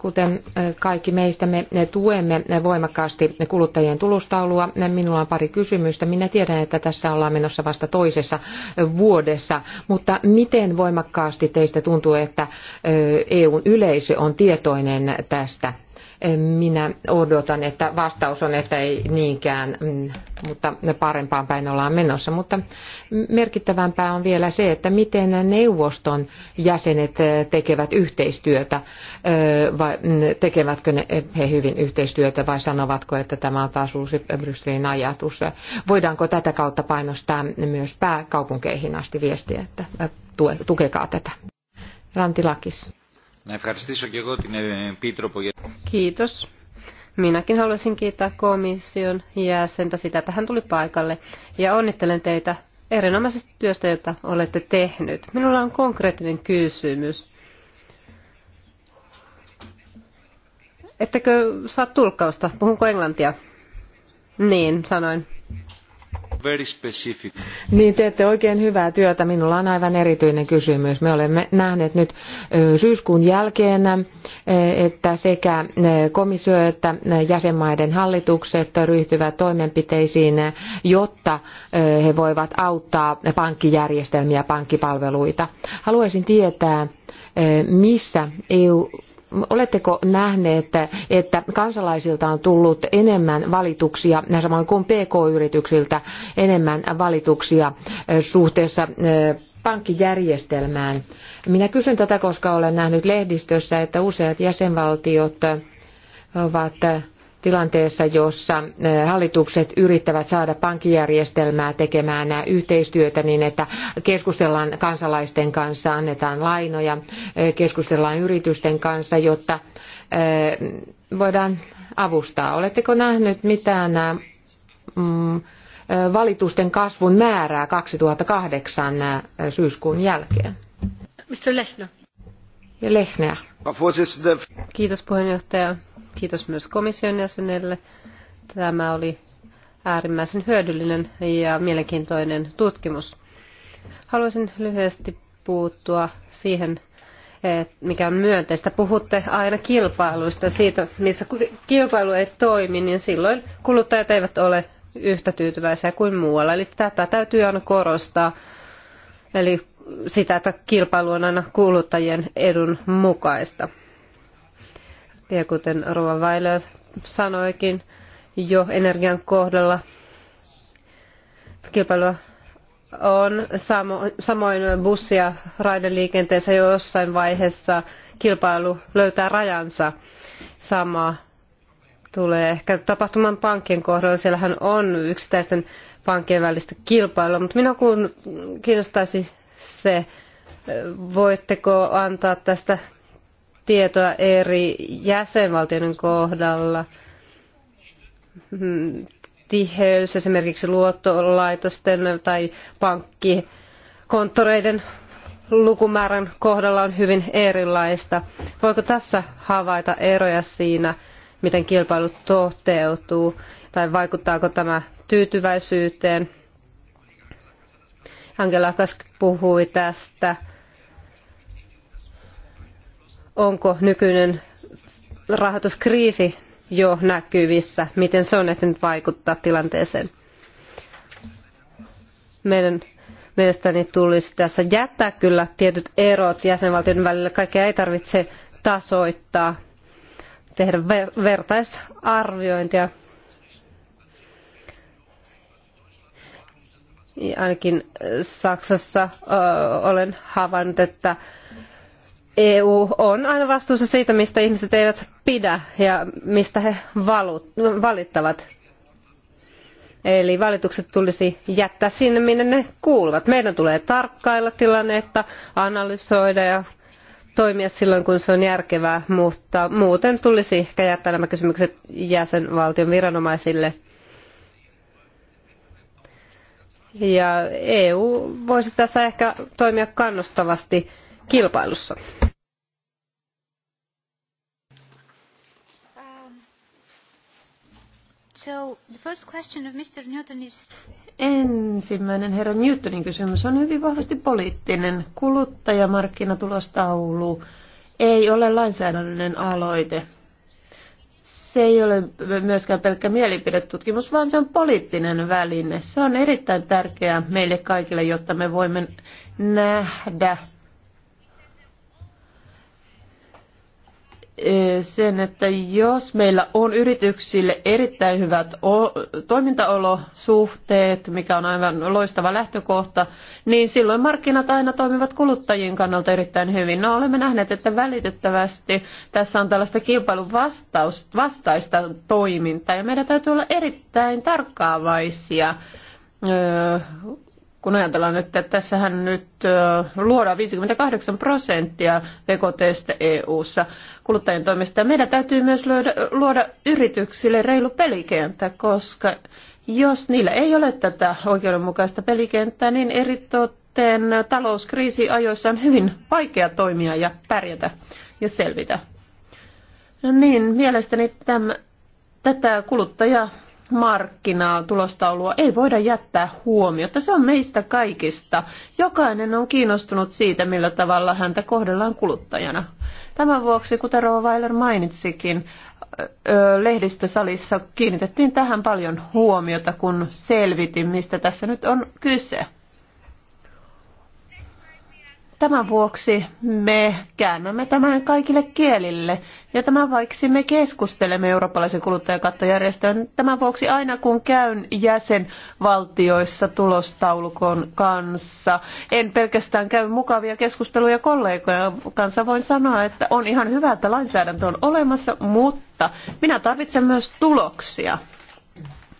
A: Kuten kaikki meistä, me tuemme voimakkaasti kuluttajien tulostaulua. Minulla on pari kysymystä. Minä tiedän, että tässä ollaan menossa vasta toisessa vuodessa, mutta miten voimakkaasti teistä tuntuu, että EUn yleisö on tietoinen tästä minä odotan, että vastaus on, että ei niinkään, mm, mutta parempaan päin ollaan menossa. Mutta merkittävämpää on vielä se, että miten neuvoston jäsenet eh, tekevät yhteistyötä, eh, vai mm, tekevätkö ne, eh, he hyvin yhteistyötä vai sanovatko, että tämä on taas uusi Brysselin ajatus. Voidaanko tätä kautta painostaa myös pääkaupunkeihin asti viestiä, että tukekaa tätä. Rantilakis.
B: Να ευχαριστήσω και εγώ την Επίτροπο για
C: Kiitos. Minäkin haluaisin kiittää komission jäsentä sitä, että hän tuli paikalle ja onnittelen teitä erinomaisesta työstä, jota olette tehnyt. Minulla on konkreettinen kysymys. Ettekö saa tulkkausta? Puhunko englantia? Niin, sanoin.
A: Niin teette oikein hyvää työtä. Minulla on aivan erityinen kysymys. Me olemme nähneet nyt syyskuun jälkeen, että sekä komissio että jäsenmaiden hallitukset ryhtyvät toimenpiteisiin, jotta he voivat auttaa pankkijärjestelmiä, pankkipalveluita. Haluaisin tietää, missä EU Oletteko nähneet, että kansalaisilta on tullut enemmän valituksia, samoin kuin PK-yrityksiltä enemmän valituksia eh, suhteessa eh, pankkijärjestelmään? Minä kysyn tätä, koska olen nähnyt lehdistössä, että useat jäsenvaltiot ovat eh, tilanteessa, jossa eh, hallitukset yrittävät saada pankkijärjestelmää tekemään eh, yhteistyötä niin, että keskustellaan kansalaisten kanssa, annetaan lainoja, eh, keskustellaan yritysten kanssa, jotta voidaan avustaa. Oletteko nähnyt mitään mm, valitusten kasvun määrää 2008 syyskuun jälkeen?
C: Mr. Lechner. Lechner. Kiitos puheenjohtaja. Kiitos myös komission jäsenelle. Tämä oli äärimmäisen hyödyllinen ja mielenkiintoinen tutkimus. Haluaisin lyhyesti puuttua siihen, mikä on myönteistä. Puhutte aina kilpailuista siitä, missä kilpailu ei toimi, niin silloin kuluttajat eivät ole yhtä tyytyväisiä kuin muualla. Eli tätä täytyy aina korostaa. Eli sitä, että kilpailu on aina kuluttajien edun mukaista. Ja kuten Rova Weiler sanoikin, jo energian kohdalla kilpailua on samoin bussi- ja raideliikenteessä jo jossain vaiheessa kilpailu löytää rajansa. Sama tulee ehkä tapahtuman pankkien kohdalla. Siellähän on yksittäisten pankkien välistä kilpailua, mutta minä kun kiinnostaisi se, voitteko antaa tästä tietoa eri jäsenvaltioiden kohdalla. Hmm, tiheys esimerkiksi luottolaitosten tai pankkikonttoreiden lukumäärän kohdalla on hyvin erilaista. Voiko tässä havaita eroja siinä, miten kilpailu toteutuu tai vaikuttaako tämä tyytyväisyyteen? Angela Kask puhui tästä onko nykyinen rahoituskriisi jo näkyvissä, miten se on ehtinyt vaikuttaa tilanteeseen. Meidän mielestäni tulisi tässä jättää kyllä tietyt erot jäsenvaltioiden välillä. Kaikkea ei tarvitse tasoittaa, tehdä vertaisarviointia. Ainakin Saksassa olen havainnut, että EU on aina vastuussa siitä, mistä ihmiset eivät pidä ja mistä he valittavat. Eli valitukset tulisi jättää sinne, minne ne kuuluvat. Meidän tulee tarkkailla tilannetta, analysoida ja toimia silloin, kun se on järkevää, mutta muuten tulisi ehkä jättää nämä kysymykset jäsenvaltion viranomaisille. Ja EU voisi tässä ehkä toimia kannustavasti kilpailussa. So, the first question of Mr. Newton is...
B: Ensimmäinen herra Newtonin kysymys on hyvin vahvasti poliittinen. Kuluttajamarkkinatulostaulu ei ole lainsäädännöllinen aloite. Se ei ole myöskään pelkkä mielipidetutkimus, vaan se on poliittinen väline. Se on erittäin tärkeää meille kaikille, jotta me voimme nähdä sen, että jos meillä on yrityksille erittäin hyvät toimintaolosuhteet, mikä on aivan loistava lähtökohta, niin silloin markkinat aina toimivat kuluttajien kannalta erittäin hyvin. No olemme nähneet, että välitettävästi tässä on tällaista kilpailun vastaista toimintaa ja meidän täytyy olla erittäin tarkkaavaisia kun ajatellaan, että tässähän nyt luodaan 58 prosenttia BKTstä EU-ssa kuluttajien toimesta. Meidän täytyy myös löydä, luoda yrityksille reilu pelikenttä, koska jos niillä ei ole tätä oikeudenmukaista pelikenttää, niin eritoten talouskriisi ajoissa on hyvin vaikea toimia ja pärjätä ja selvitä. No niin, mielestäni tämän, tätä kuluttajamarkkinaa, tulostaulua ei voida jättää huomiota. Se on meistä kaikista. Jokainen on kiinnostunut siitä, millä tavalla häntä kohdellaan kuluttajana. Tämän vuoksi, kuten Rova Weiler mainitsikin, lehdistösalissa kiinnitettiin tähän paljon huomiota, kun selvitin, mistä tässä nyt on kyse. Tämän vuoksi me käännämme tämän kaikille kielille. Ja tämän vaiksi me keskustelemme eurooppalaisen kuluttajakattojärjestön. Tämän vuoksi aina kun käyn jäsenvaltioissa tulostaulukon kanssa, en pelkästään käy mukavia keskusteluja kollegojen kanssa, voin sanoa, että on ihan hyvä, että lainsäädäntö on olemassa, mutta minä tarvitsen myös tuloksia.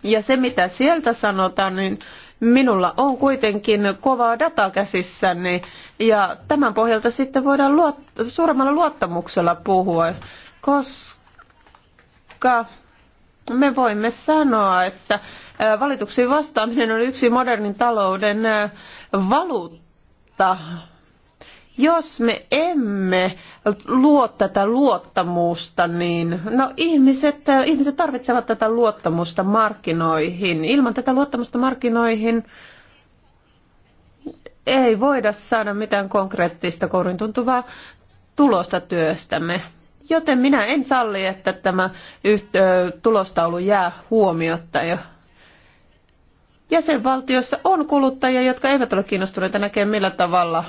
B: Ja se, mitä sieltä sanotaan, niin Minulla on kuitenkin kovaa dataa käsissäni ja tämän pohjalta sitten voidaan luot, suuremmalla luottamuksella puhua, koska me voimme sanoa, että valituksiin vastaaminen on yksi modernin talouden valuutta jos me emme luo tätä luottamusta, niin no ihmiset, ihmiset tarvitsevat tätä luottamusta markkinoihin. Ilman tätä luottamusta markkinoihin ei voida saada mitään konkreettista kourin tuntuvaa tulosta työstämme. Joten minä en salli, että tämä tulostaulu jää huomiotta jo jäsenvaltioissa on kuluttajia, jotka eivät ole kiinnostuneita näkemään millä tavalla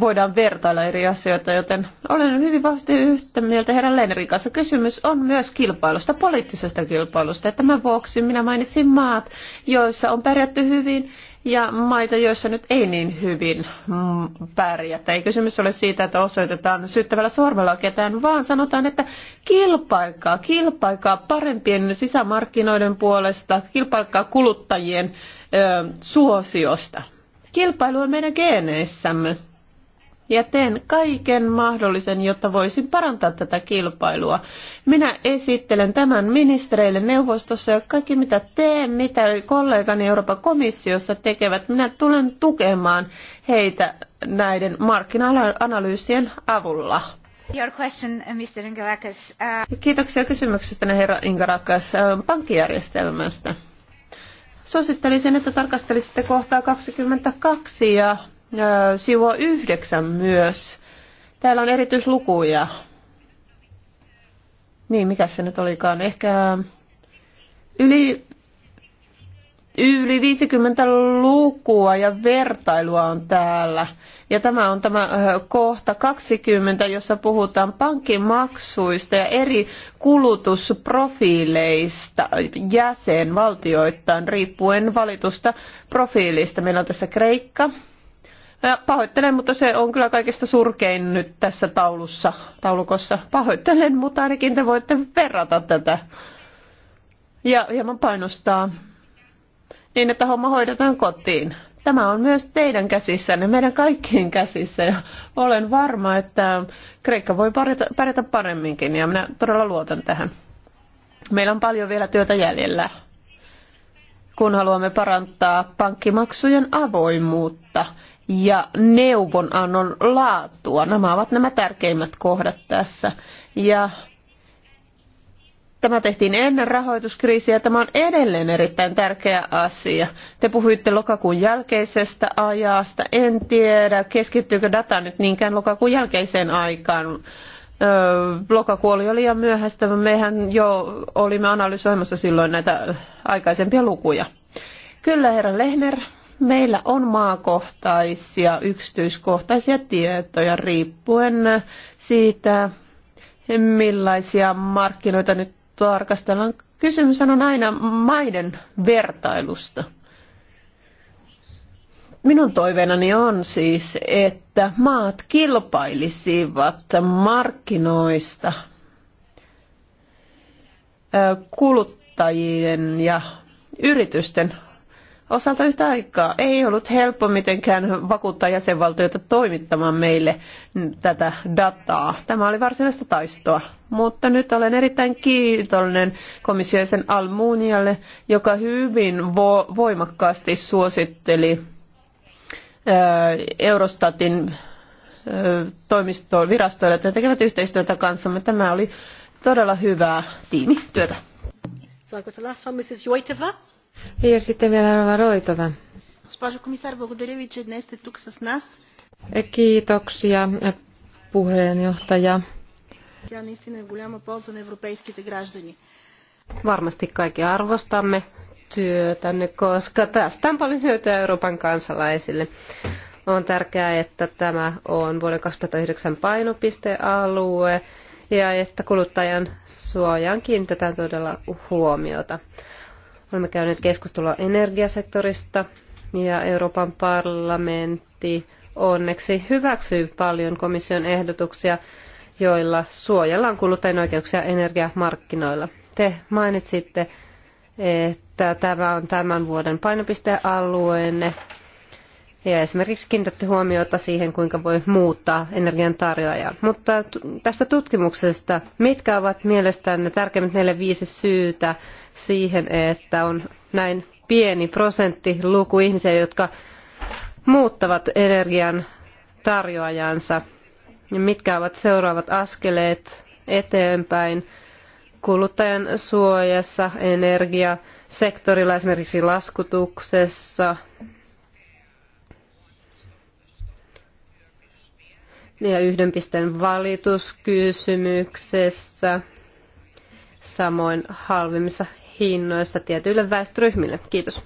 B: voidaan vertailla eri asioita, joten olen hyvin vahvasti yhtä mieltä herran Lennerin kanssa. Kysymys on myös kilpailusta, poliittisesta kilpailusta. Ja tämän vuoksi minä mainitsin maat, joissa on pärjätty hyvin ja maita, joissa nyt ei niin hyvin mm, pärjätä. Ei kysymys ole siitä, että osoitetaan syyttävällä sormella ketään, vaan sanotaan, että kilpaikaa, kilpaikaa parempien sisämarkkinoiden puolesta, kilpaikaa kuluttajien ö, suosiosta. Kilpailu on meidän geeneissämme ja teen kaiken mahdollisen, jotta voisin parantaa tätä kilpailua. Minä esittelen tämän ministereille neuvostossa ja kaikki mitä teen, mitä kollegani Euroopan komissiossa tekevät, minä tulen tukemaan heitä näiden markkina-analyysien avulla.
C: Your question, uh, Mr. Ingarakas.
B: Uh... Kiitoksia kysymyksestä, herra Ingarakas, uh, pankkijärjestelmästä. Suosittelisin, että tarkastelisitte kohtaa 22 ja sivua yhdeksän myös. Täällä on erityislukuja. Niin, mikä se nyt olikaan? Ehkä yli, yli 50 lukua ja vertailua on täällä. Ja tämä on tämä kohta 20, jossa puhutaan pankkimaksuista ja eri kulutusprofiileista jäsenvaltioittain riippuen valitusta profiilista. Meillä on tässä Kreikka, Pahoittelen, mutta se on kyllä kaikista surkein nyt tässä taulussa, taulukossa. Pahoittelen, mutta ainakin te voitte verrata tätä ja hieman painostaa niin, että homma hoidetaan kotiin. Tämä on myös teidän käsissänne, meidän kaikkien käsissä. Ja olen varma, että Kreikka voi pärjätä, pärjätä paremminkin ja minä todella luotan tähän. Meillä on paljon vielä työtä jäljellä, kun haluamme parantaa pankkimaksujen avoimuutta – ja neuvonannon laatua. Nämä ovat nämä tärkeimmät kohdat tässä. Ja Tämä tehtiin ennen rahoituskriisiä ja tämä on edelleen erittäin tärkeä asia. Te puhuitte lokakuun jälkeisestä ajasta. En tiedä, keskittyykö data nyt niinkään lokakuun jälkeiseen aikaan. Lokakuu oli jo liian myöhäistä. Mehän jo olimme analysoimassa silloin näitä aikaisempia lukuja. Kyllä, herra Lehner, Meillä on maakohtaisia, yksityiskohtaisia tietoja riippuen siitä, millaisia markkinoita nyt tarkastellaan. Kysymys on aina maiden vertailusta. Minun toiveenani on siis, että maat kilpailisivat markkinoista kuluttajien ja yritysten osalta yhtä aikaa. Ei ollut helppo mitenkään vakuuttaa jäsenvaltioita toimittamaan meille tätä dataa. Tämä oli varsinaista taistoa. Mutta nyt olen erittäin kiitollinen komissiosen Almunialle, joka hyvin vo- voimakkaasti suositteli Eurostatin toimistoon virastoille, että tekevät yhteistyötä kanssamme. Tämä oli todella hyvää tiimityötä.
C: So I've got the last one, Mrs.
B: Ja sitten vielä Rova Roitova.
A: Kiitoksia puheenjohtaja.
C: Varmasti kaikki arvostamme työtänne, koska tästä on paljon hyötyä Euroopan kansalaisille. On tärkeää, että tämä on vuoden 2009 painopistealue ja että kuluttajan suojaan kiinnitetään todella huomiota. Olemme käyneet keskustelua energiasektorista ja Euroopan parlamentti onneksi hyväksyy paljon komission ehdotuksia, joilla suojellaan kuluttajien oikeuksia energiamarkkinoilla. Te mainitsitte, että tämä on tämän vuoden painopistealueenne ja esimerkiksi kiinnitätte huomiota siihen, kuinka voi muuttaa energian tarjoajaa. Mutta tästä tutkimuksesta, mitkä ovat ne tärkeimmät neljä viisi syytä siihen, että on näin pieni prosenttiluku ihmisiä, jotka muuttavat energian tarjoajansa? Ja mitkä ovat seuraavat askeleet eteenpäin kuluttajan suojassa, energiasektorilla, esimerkiksi laskutuksessa, ja yhden pisteen valituskysymyksessä, samoin halvimmissa hinnoissa tietyille väestöryhmille. Kiitos.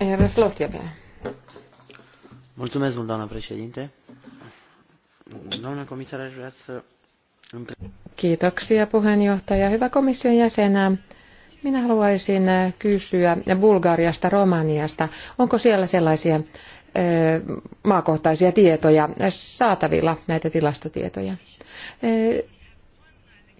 C: Herra Slovjavia.
B: Mulțumesc, doamna președinte. Doamna comisar, aș vrea să...
A: Kiitoksia puheenjohtaja. Hyvä komission jäsenä. Minä haluaisin kysyä Bulgariasta, Romaniasta. Onko siellä sellaisia maakohtaisia tietoja saatavilla, näitä tilastotietoja.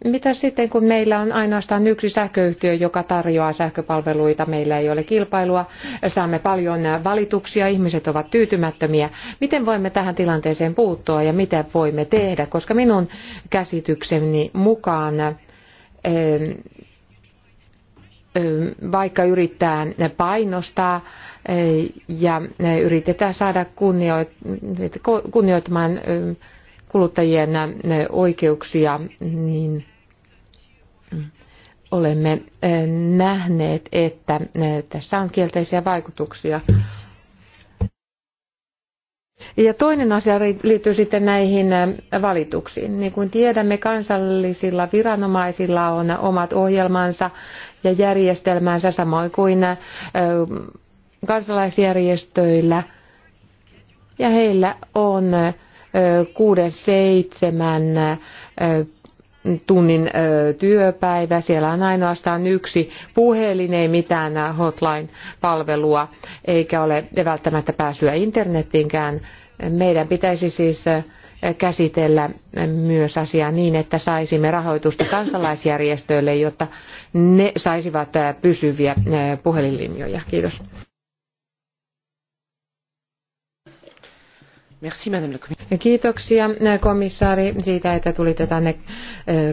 A: Mitä sitten, kun meillä on ainoastaan yksi sähköyhtiö, joka tarjoaa sähköpalveluita, meillä ei ole kilpailua, saamme paljon valituksia, ihmiset ovat tyytymättömiä. Miten voimme tähän tilanteeseen puuttua ja mitä voimme tehdä? Koska minun käsitykseni mukaan vaikka yrittää painostaa ja yritetään saada kunnioittamaan kuluttajien oikeuksia, niin olemme nähneet, että tässä on kielteisiä vaikutuksia ja toinen asia liittyy sitten näihin valituksiin. Niin kuin tiedämme, kansallisilla viranomaisilla on omat ohjelmansa ja järjestelmänsä samoin kuin kansalaisjärjestöillä. Ja heillä on kuuden seitsemän tunnin työpäivä. Siellä on ainoastaan yksi puhelin, ei mitään hotline-palvelua, eikä ole välttämättä pääsyä internettiinkään. Meidän pitäisi siis käsitellä myös asiaa niin, että saisimme rahoitusta kansalaisjärjestöille, jotta ne saisivat pysyviä puhelinlinjoja. Kiitos. Kiitoksia komissaari siitä, että tulitte tänne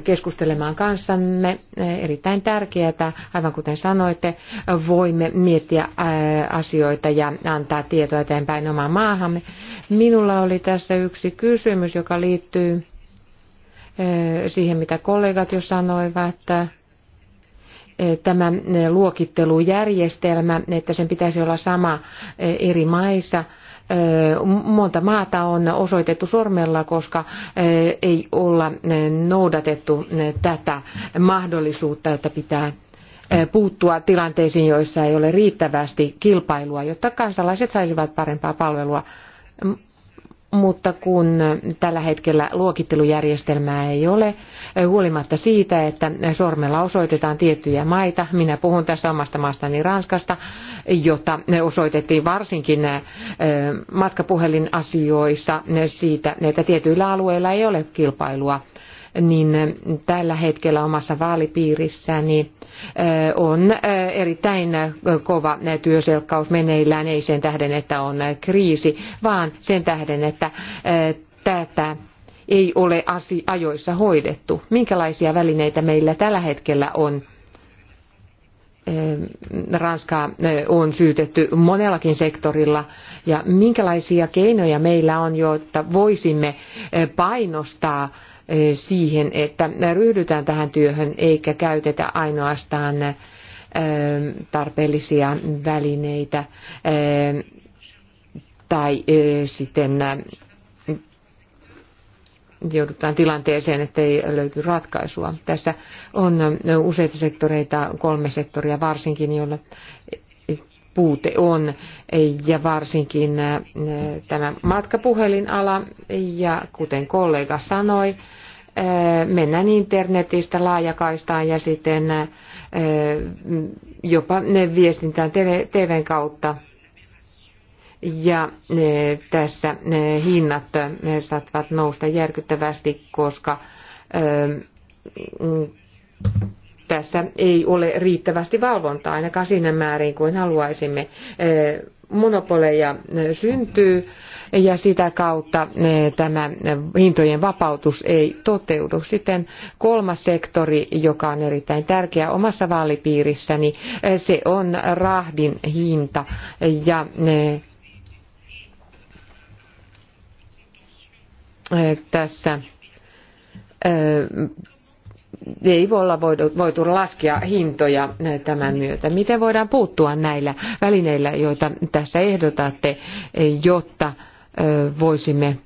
A: keskustelemaan kanssamme. Erittäin tärkeää, aivan kuten sanoitte, voimme miettiä asioita ja antaa tietoa eteenpäin omaan maahamme. Minulla oli tässä yksi kysymys, joka liittyy siihen, mitä kollegat jo sanoivat tämä luokittelujärjestelmä, että sen pitäisi olla sama eri maissa monta maata on osoitettu sormella, koska ei olla noudatettu tätä mahdollisuutta, että pitää puuttua tilanteisiin, joissa ei ole riittävästi kilpailua, jotta kansalaiset saisivat parempaa palvelua mutta kun tällä hetkellä luokittelujärjestelmää ei ole, huolimatta siitä, että sormella osoitetaan tiettyjä maita, minä puhun tässä omasta maastani Ranskasta, jota osoitettiin varsinkin eh, matkapuhelinasioissa siitä, että tietyillä alueilla ei ole kilpailua niin tällä hetkellä omassa vaalipiirissäni on erittäin kova työselkkaus meneillään, ei sen tähden, että on kriisi, vaan sen tähden, että tätä ei ole ajoissa hoidettu. Minkälaisia välineitä meillä tällä hetkellä on? ranska on syytetty monellakin sektorilla ja minkälaisia keinoja meillä on, jotta voisimme painostaa Eh, siihen, että ryhdytään tähän työhön eikä käytetä ainoastaan eh, tarpeellisia välineitä eh, tai sitten joudutaan tilanteeseen, että ei löydy ratkaisua. Tässä on useita sektoreita, kolme sektoria varsinkin, joilla puute on ja varsinkin äh, tämä matkapuhelinala ja kuten kollega sanoi, äh, mennään internetistä laajakaistaan ja sitten äh, jopa ne viestintään TVn kautta. Ja tässä hinnat saattavat nousta järkyttävästi, koska tässä ei ole riittävästi valvontaa ainakaan siinä määrin kuin haluaisimme. Eh, monopoleja eh, syntyy ja sitä kautta eh, tämä hintojen vapautus ei toteudu. Sitten kolmas sektori, joka on erittäin tärkeä omassa vaalipiirissäni, se on rahdin hinta ja tässä ei voi olla voitu laskea hintoja tämän myötä. Miten voidaan puuttua näillä välineillä, joita tässä ehdotatte, jotta voisimme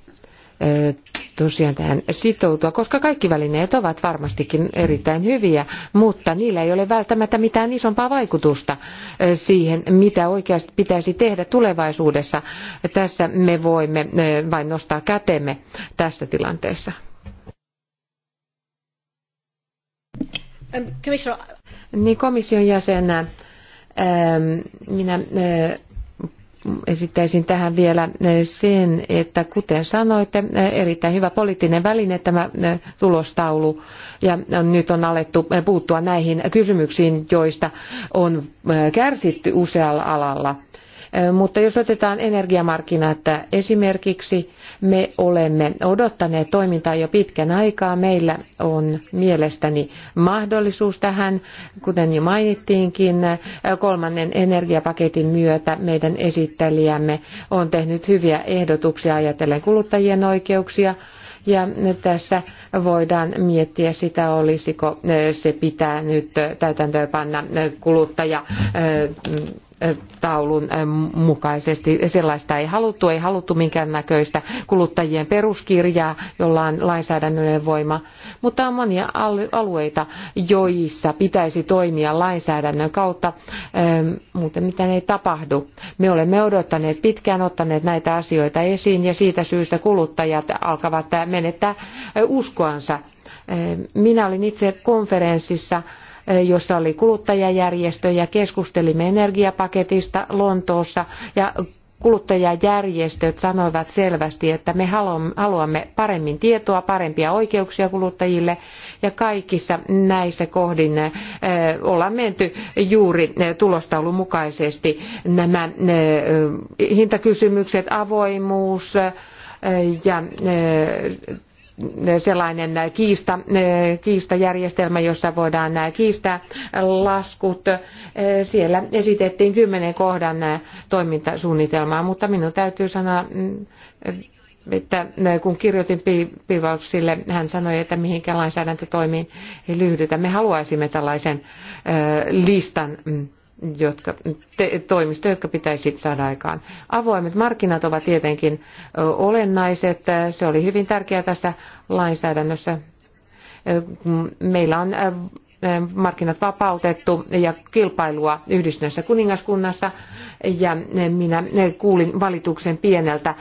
A: tosiaan tähän sitoutua, koska kaikki välineet ovat varmastikin erittäin hyviä, mutta niillä ei ole välttämättä mitään isompaa vaikutusta siihen, mitä oikeasti pitäisi tehdä tulevaisuudessa. Tässä me voimme vain nostaa kätemme tässä tilanteessa. Niin komission jäsenä minä esittäisin tähän vielä sen, että kuten sanoitte, erittäin hyvä poliittinen väline tämä tulostaulu ja nyt on alettu puuttua näihin kysymyksiin, joista on kärsitty usealla alalla. Mutta jos otetaan energiamarkkinat esimerkiksi, me olemme odottaneet toimintaa jo pitkän aikaa. Meillä on mielestäni mahdollisuus tähän, kuten jo mainittiinkin, kolmannen energiapaketin myötä meidän esittelijämme on tehnyt hyviä ehdotuksia ajatellen kuluttajien oikeuksia. Ja tässä voidaan miettiä sitä, olisiko se pitää nyt täytäntöönpanna kuluttaja taulun mukaisesti. Sellaista ei haluttu, ei haluttu minkäännäköistä kuluttajien peruskirjaa, jolla on lainsäädännöllinen voima, mutta on monia alueita, joissa pitäisi toimia lainsäädännön kautta, muuten mitään ei tapahdu. Me olemme odottaneet pitkään, ottaneet näitä asioita esiin ja siitä syystä kuluttajat alkavat menettää uskoansa. Minä olin itse konferenssissa jossa oli kuluttajajärjestöjä. Keskustelimme energiapaketista Lontoossa ja kuluttajajärjestöt sanoivat selvästi, että me haluamme paremmin tietoa, parempia oikeuksia kuluttajille ja kaikissa näissä kohdin ollaan menty juuri tulostaulun mukaisesti nämä hintakysymykset, avoimuus ja sellainen kiista, kiistajärjestelmä, jossa voidaan kiistää laskut. Siellä esitettiin kymmenen kohdan toimintasuunnitelmaa, mutta minun täytyy sanoa, että kun kirjoitin Pivalksille, hän sanoi, että mihinkä lainsäädäntötoimiin ei lyhdytä. Me haluaisimme tällaisen listan mm, jotka, te, toimista, jotka pitäisi saada aikaan. Avoimet markkinat ovat tietenkin olennaiset. Se oli hyvin tärkeää tässä lainsäädännössä. Meillä on markkinat vapautettu ja kilpailua yhdistyneessä kuningaskunnassa ja minä kuulin valituksen pieneltä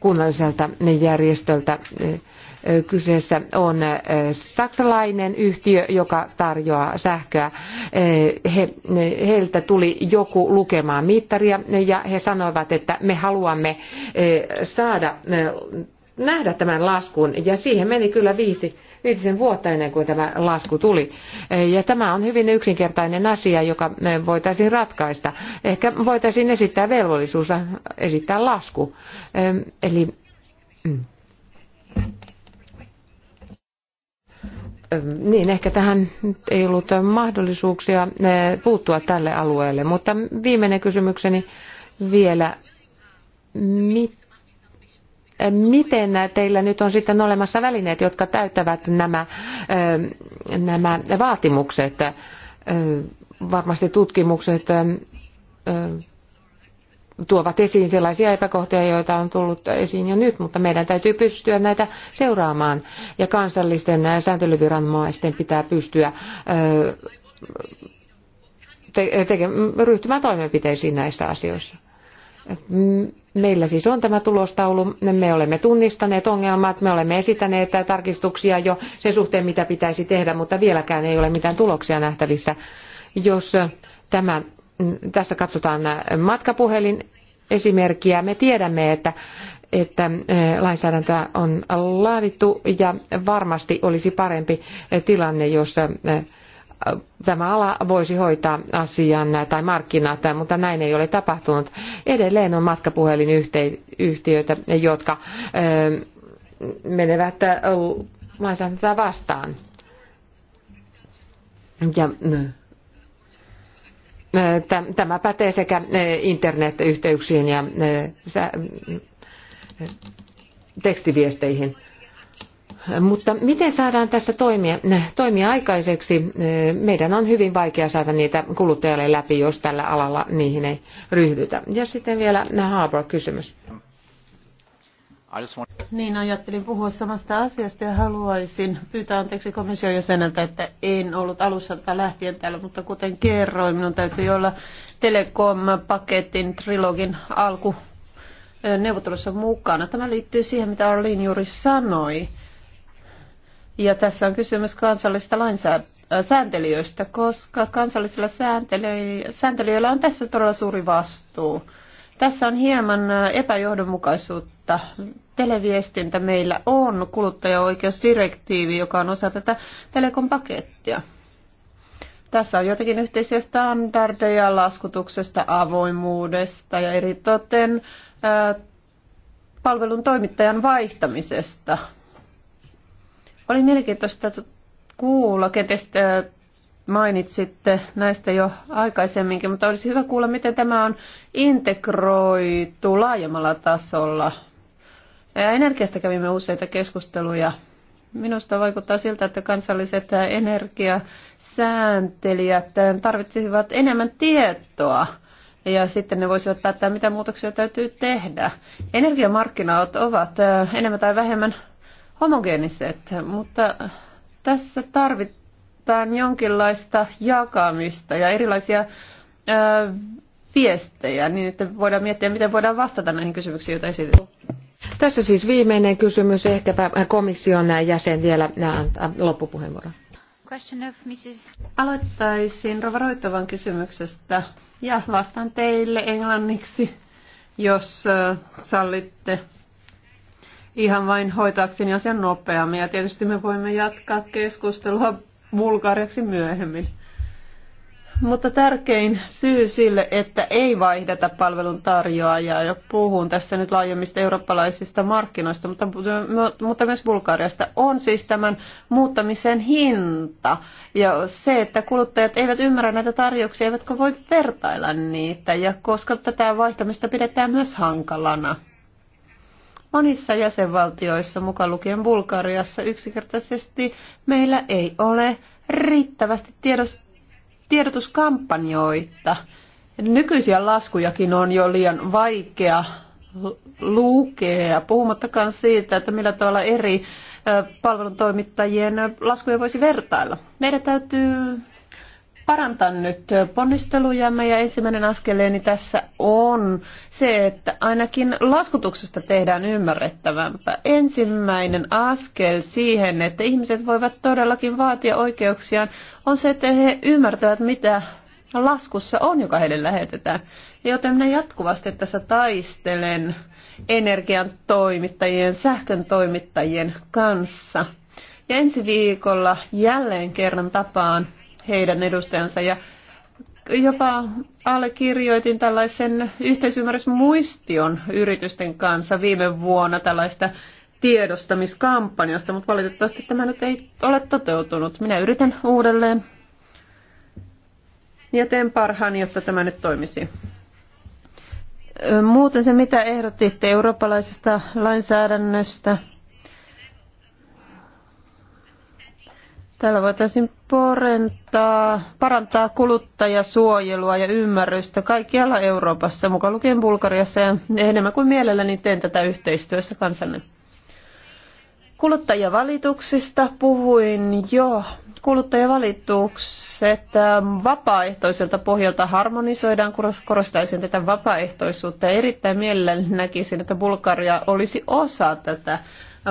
A: kunnalliselta järjestöltä Kyseessä on saksalainen yhtiö, joka tarjoaa sähköä. He, heiltä tuli joku lukemaan mittaria ja he sanoivat, että me haluamme saada nähdä tämän laskun ja siihen meni kyllä viisi viitisen vuotta ennen kuin tämä lasku tuli. Ja tämä on hyvin yksinkertainen asia, joka voitaisiin ratkaista. Ehkä voitaisiin esittää velvollisuus esittää lasku. Eli mm. niin ehkä tähän ei ollut mahdollisuuksia puuttua tälle alueelle, mutta viimeinen kysymykseni vielä. Mit, miten teillä nyt on sitten olemassa välineet, jotka täyttävät nämä, nämä vaatimukset? Varmasti tutkimukset tuovat esiin sellaisia epäkohtia, joita on tullut esiin jo nyt, mutta meidän täytyy pystyä näitä seuraamaan ja kansallisten sääntelyviranomaisten pitää pystyä te- te- ryhtymään toimenpiteisiin näissä asioissa. Meillä siis on tämä tulostaulu, me olemme tunnistaneet ongelmat, me olemme esittäneet tarkistuksia jo sen suhteen, mitä pitäisi tehdä, mutta vieläkään ei ole mitään tuloksia nähtävissä. Jos tämä tässä katsotaan matkapuhelin esimerkkiä. Me tiedämme, että, että e, lainsäädäntöä on laadittu ja varmasti olisi parempi tilanne, jos e, tämä ala voisi hoitaa asian tai markkinat, mutta näin ei ole tapahtunut. Edelleen on matkapuhelinyhtiöitä, jotka e, menevät lainsäädäntöä vastaan. Ja Tämä pätee sekä internetyhteyksiin ja tekstiviesteihin. Mutta miten saadaan tässä toimia, toimia aikaiseksi? Meidän on hyvin vaikea saada niitä kuluttajalle läpi, jos tällä alalla niihin ei ryhdytä. Ja sitten vielä harbour kysymys.
B: Niin, ajattelin puhua samasta asiasta ja haluaisin pyytää anteeksi komission jäseneltä, että en ollut alussa tai lähtien täällä, mutta kuten kerroin, minun täytyy olla Telekom-paketin trilogin alku neuvottelussa mukana. Tämä liittyy siihen, mitä Arlin juuri sanoi. Ja tässä on kysymys kansallisista lainsääntelijöistä, koska kansallisilla sääntelijöillä on tässä todella suuri vastuu tässä on hieman epäjohdonmukaisuutta. Televiestintä meillä on kuluttajaoikeusdirektiivi, joka on osa tätä telekompakettia. Tässä on jotakin yhteisiä standardeja laskutuksesta, avoimuudesta ja eri toten palvelun toimittajan vaihtamisesta. Oli mielenkiintoista kuulla kenties mainitsitte näistä jo aikaisemminkin, mutta olisi hyvä kuulla, miten tämä on integroitu laajemmalla tasolla. Energiasta kävimme useita keskusteluja. Minusta vaikuttaa siltä, että kansalliset energiasääntelijät tarvitsisivat enemmän tietoa ja sitten ne voisivat päättää, mitä muutoksia täytyy tehdä. Energiamarkkinat ovat äh, enemmän tai vähemmän homogeeniset, mutta tässä tarvitaan vastaan jonkinlaista jakamista ja erilaisia ää, viestejä, niin että voidaan miettiä, miten voidaan vastata näihin kysymyksiin, joita esitetään.
A: Tässä siis viimeinen kysymys, ehkäpä komission jäsen vielä antaa loppupuheenvuoron.
B: Aloittaisin Rova Roittovan kysymyksestä ja vastaan teille englanniksi, jos sallitte ihan vain hoitaakseni asian nopeammin. Ja tietysti me voimme jatkaa keskustelua vulgaariksi myöhemmin. Mutta tärkein syy sille, että ei vaihdeta palvelun tarjoajaa, ja puhun tässä nyt laajemmista eurooppalaisista markkinoista, mutta, mutta myös Bulgariasta, on siis tämän muuttamisen hinta. Ja se, että kuluttajat eivät ymmärrä näitä tarjouksia, eivätkä voi vertailla niitä, ja koska tätä vaihtamista pidetään myös hankalana. Monissa jäsenvaltioissa, mukaan lukien Bulgariassa, yksinkertaisesti meillä ei ole riittävästi tiedos, tiedotuskampanjoita. Nykyisiä laskujakin on jo liian vaikea lukea, puhumattakaan siitä, että millä tavalla eri palveluntoimittajien laskuja voisi vertailla. Meidän täytyy parantaa nyt ponnistelujamme ja ensimmäinen askeleeni tässä on se, että ainakin laskutuksesta tehdään ymmärrettävämpää. Ensimmäinen askel siihen, että ihmiset voivat todellakin vaatia oikeuksiaan, on se, että he ymmärtävät, mitä laskussa on, joka heille lähetetään. Joten minä jatkuvasti tässä taistelen energian toimittajien, sähkön toimittajien kanssa. Ja ensi viikolla jälleen kerran tapaan heidän edustajansa ja jopa allekirjoitin tällaisen yhteisymmärrysmuistion yritysten kanssa viime vuonna tällaista tiedostamiskampanjasta, mutta valitettavasti tämä nyt ei ole toteutunut. Minä yritän uudelleen ja teen parhaani, jotta tämä nyt toimisi. Muuten se, mitä ehdotitte eurooppalaisesta lainsäädännöstä, Tällä voitaisiin porentaa, parantaa kuluttajasuojelua ja ymmärrystä kaikkialla Euroopassa, mukaan lukien Bulgariassa, ja enemmän kuin mielelläni teen tätä yhteistyössä kanssanne. Kuluttajavalituksista puhuin jo. Kuluttajavalitukset ähm, vapaaehtoiselta pohjalta harmonisoidaan, korostaisin tätä vapaaehtoisuutta. Erittäin mielelläni näkisin, että Bulgaria olisi osa tätä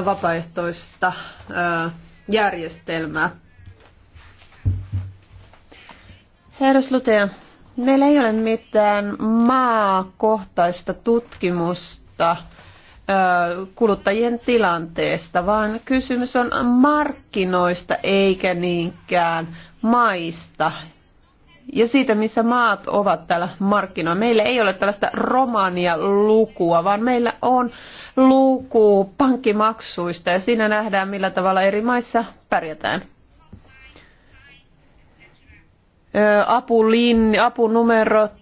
B: vapaaehtoista äh, järjestelmää. Herra Slutea, meillä ei ole mitään maakohtaista tutkimusta kuluttajien tilanteesta, vaan kysymys on markkinoista eikä niinkään maista ja siitä, missä maat ovat täällä markkinoilla. Meillä ei ole tällaista romania lukua, vaan meillä on luku pankkimaksuista ja siinä nähdään, millä tavalla eri maissa pärjätään. Apulin, apunumerot,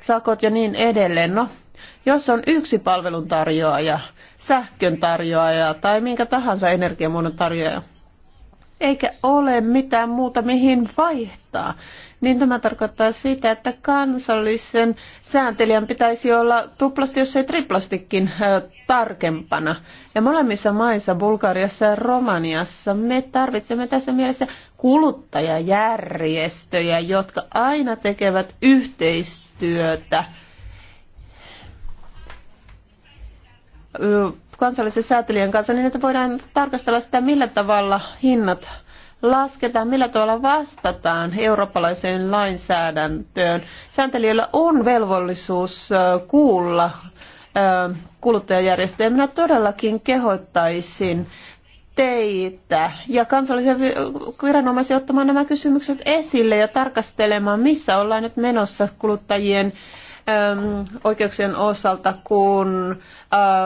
B: sakot ja niin edelleen. No, jos on yksi palveluntarjoaja, sähkön tarjoaja tai minkä tahansa energiamuodon tarjoaja, eikä ole mitään muuta mihin vaihtaa, niin tämä tarkoittaa sitä, että kansallisen sääntelijän pitäisi olla tuplasti, jos ei triplastikin tarkempana. Ja molemmissa maissa, Bulgariassa ja Romaniassa, me tarvitsemme tässä mielessä kuluttajajärjestöjä, jotka aina tekevät yhteistyötä kansallisen säätelijän kanssa niin, että voidaan tarkastella sitä, millä tavalla hinnat lasketaan, millä tavalla vastataan eurooppalaiseen lainsäädäntöön. Sääntelijöillä on velvollisuus kuulla kuluttajajärjestöjä. Minä todellakin kehottaisin teitä ja kansallisia viranomaisia ottamaan nämä kysymykset esille ja tarkastelemaan, missä ollaan nyt menossa kuluttajien oikeuksien osalta, kun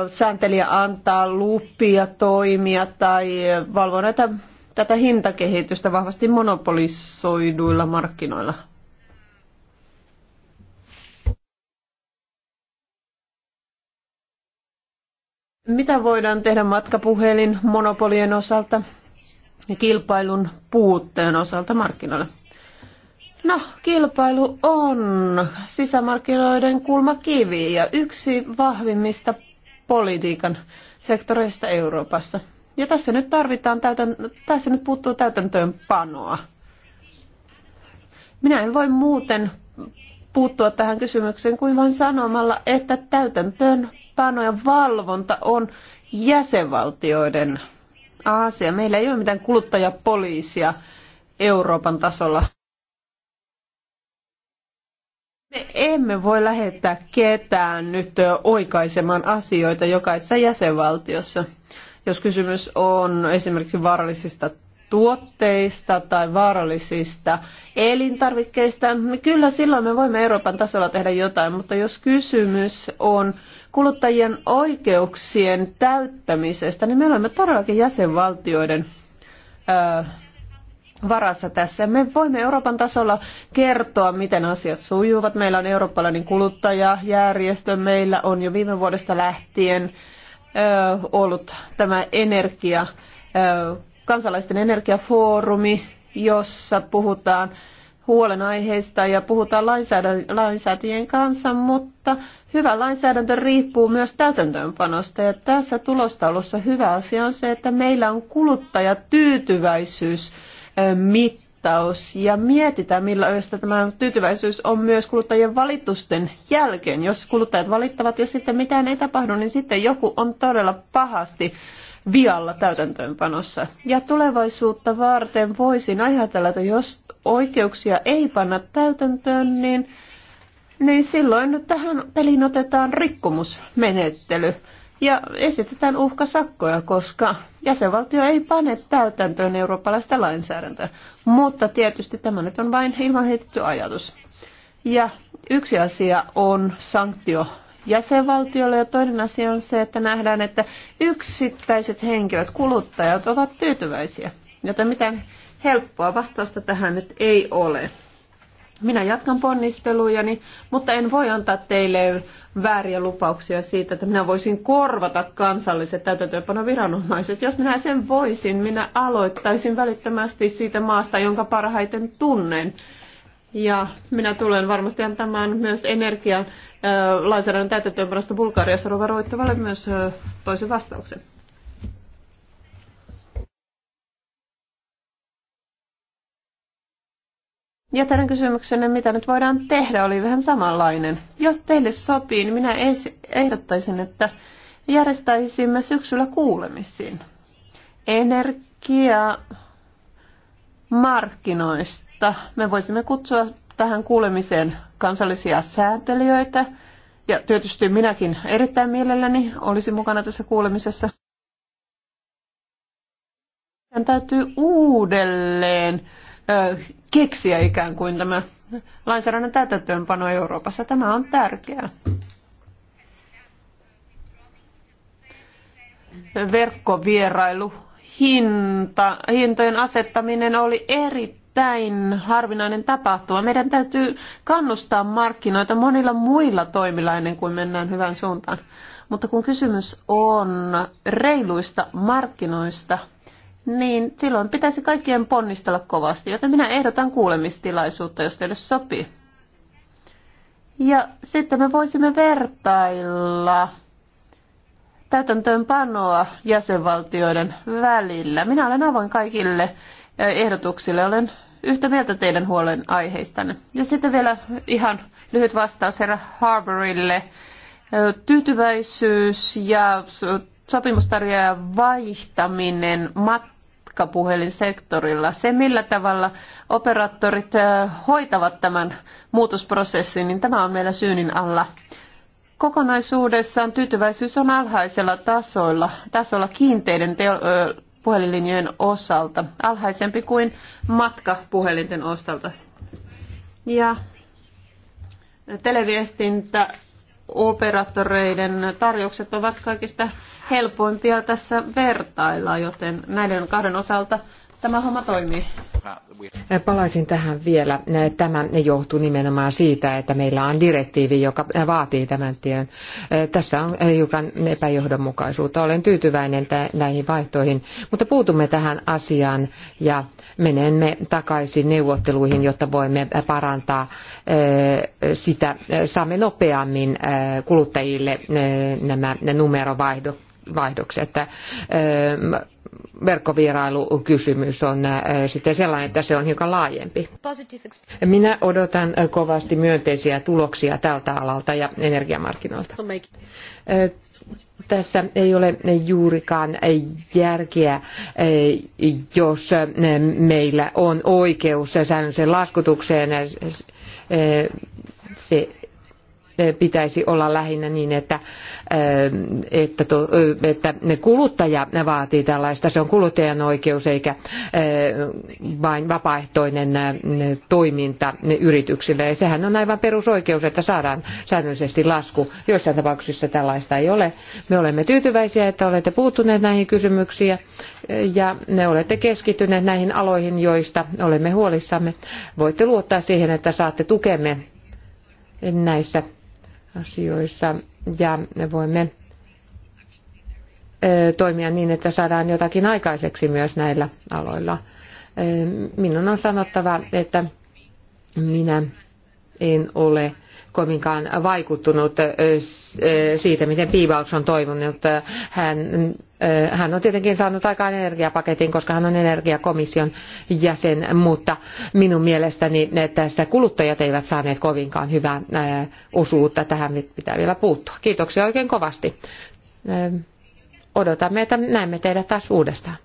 B: sääntelijä antaa lupia toimia tai valvoa näitä tätä hintakehitystä vahvasti monopolisoiduilla markkinoilla? Mitä voidaan tehdä matkapuhelin monopolien osalta ja kilpailun puutteen osalta markkinoilla? No, kilpailu on sisämarkkinoiden kulmakivi ja yksi vahvimmista politiikan sektoreista Euroopassa. Ja tässä nyt tarvitaan täytän, tässä nyt puuttuu täytäntöönpanoa. Minä en voi muuten puuttua tähän kysymykseen kuin vain sanomalla, että täytäntöönpano ja valvonta on jäsenvaltioiden asia. Meillä ei ole mitään kuluttajapoliisia Euroopan tasolla. Me emme voi lähettää ketään nyt oikaisemaan asioita jokaisessa jäsenvaltiossa. Jos kysymys on esimerkiksi vaarallisista tuotteista tai vaarallisista elintarvikkeista, niin kyllä silloin me voimme Euroopan tasolla tehdä jotain, mutta jos kysymys on kuluttajien oikeuksien täyttämisestä, niin me olemme todellakin jäsenvaltioiden varassa tässä. Me voimme Euroopan tasolla kertoa, miten asiat sujuvat. Meillä on eurooppalainen kuluttajajärjestö, meillä on jo viime vuodesta lähtien ollut tämä energia, kansalaisten energiafoorumi, jossa puhutaan huolenaiheista ja puhutaan lainsäätäjien kanssa, mutta hyvä lainsäädäntö riippuu myös täytäntöönpanosta. Ja tässä tulostaulussa hyvä asia on se, että meillä on kuluttajatyytyväisyysmitta mittaus ja mietitään, millaista tämä tyytyväisyys on myös kuluttajien valitusten jälkeen. Jos kuluttajat valittavat ja sitten mitään ei tapahdu, niin sitten joku on todella pahasti vialla täytäntöönpanossa. Ja tulevaisuutta varten voisin ajatella, että jos oikeuksia ei panna täytäntöön, niin, niin silloin tähän peliin otetaan rikkomusmenettely ja esitetään uhkasakkoja, koska jäsenvaltio ei pane täytäntöön eurooppalaista lainsäädäntöä. Mutta tietysti tämä nyt on vain ilman heitetty ajatus. Ja yksi asia on sanktio jäsenvaltiolle ja toinen asia on se, että nähdään, että yksittäiset henkilöt, kuluttajat ovat tyytyväisiä. Joten mitään helppoa vastausta tähän nyt ei ole. Minä jatkan ponnistelujani, mutta en voi antaa teille vääriä lupauksia siitä, että minä voisin korvata kansalliset täytäntöönpanoviranomaiset. Jos minä sen voisin, minä aloittaisin välittömästi siitä maasta, jonka parhaiten tunnen. Ja minä tulen varmasti antamaan myös energian lainsäädännön täytäntöönpanosta Bulgariassa Rova Roittavalle myös toisen vastauksen. Ja teidän kysymyksenne, mitä nyt voidaan tehdä, oli vähän samanlainen. Jos teille sopii, niin minä ehdottaisin, että järjestäisimme syksyllä kuulemisiin energiamarkkinoista. Me voisimme kutsua tähän kuulemiseen kansallisia sääntelijöitä, ja tietysti minäkin erittäin mielelläni olisin mukana tässä kuulemisessa. Meidän täytyy uudelleen keksiä ikään kuin tämä lainsäädännön täytäntöönpano Euroopassa. Tämä on tärkeää. Verkkovierailu, hinta, hintojen asettaminen oli erittäin harvinainen tapahtuma. Meidän täytyy kannustaa markkinoita monilla muilla toimilla ennen kuin mennään hyvään suuntaan. Mutta kun kysymys on reiluista markkinoista, niin silloin pitäisi kaikkien ponnistella kovasti, joten minä ehdotan kuulemistilaisuutta, jos teille sopii. Ja sitten me voisimme vertailla täytäntöönpanoa jäsenvaltioiden välillä. Minä olen avoin kaikille ehdotuksille, olen yhtä mieltä teidän huolen aiheistanne. Ja sitten vielä ihan lyhyt vastaus herra Harbourille. Tyytyväisyys ja sopimustarjoajan vaihtaminen mat- matkapuhelinsektorilla. Se, millä tavalla operaattorit hoitavat tämän muutosprosessin, niin tämä on meillä syynin alla. Kokonaisuudessaan tyytyväisyys on alhaisella tasolla, tasolla kiinteiden teo- puhelinlinjojen osalta, alhaisempi kuin matkapuhelinten osalta. Ja televiestintä operaattoreiden tarjoukset ovat kaikista helpoimpia tässä vertailla, joten näiden kahden osalta tämä homma toimii.
A: Palaisin tähän vielä. Tämä johtuu nimenomaan siitä, että meillä on direktiivi, joka vaatii tämän tien. Tässä on hiukan epäjohdonmukaisuutta. Olen tyytyväinen näihin vaihtoihin, mutta puutumme tähän asiaan ja menemme takaisin neuvotteluihin, jotta voimme parantaa eh, sitä. Saamme nopeammin eh, kuluttajille eh, nämä numerovaihdot vaihdokset. Verkkovierailukysymys on sitten sellainen, että se on hiukan laajempi. Minä odotan kovasti myönteisiä tuloksia tältä alalta ja energiamarkkinoilta. Tässä ei ole juurikaan järkeä, jos meillä on oikeus säännöllisen laskutukseen. Se pitäisi olla lähinnä niin, että, että, to, että kuluttaja vaatii tällaista. Se on kuluttajan oikeus eikä vain vapaaehtoinen toiminta yrityksille. Ja sehän on aivan perusoikeus, että saadaan säännöllisesti lasku. Joissain tapauksissa tällaista ei ole. Me olemme tyytyväisiä, että olette puuttuneet näihin kysymyksiin ja ne olette keskittyneet näihin aloihin, joista olemme huolissamme. Voitte luottaa siihen, että saatte tukemme näissä asioissa ja me voimme toimia niin, että saadaan jotakin aikaiseksi myös näillä aloilla. Minun on sanottava, että minä en ole kovinkaan vaikuttunut äh, äh, siitä, miten Piivaus on toiminut. Äh, hän, hän on tietenkin saanut aikaan energiapaketin, koska hän on energiakomission jäsen, mutta minun mielestäni tässä kuluttajat eivät saaneet kovinkaan hyvää osuutta. Tähän pitää vielä puuttua. Kiitoksia oikein kovasti. Odotamme, että näemme teidät taas uudestaan.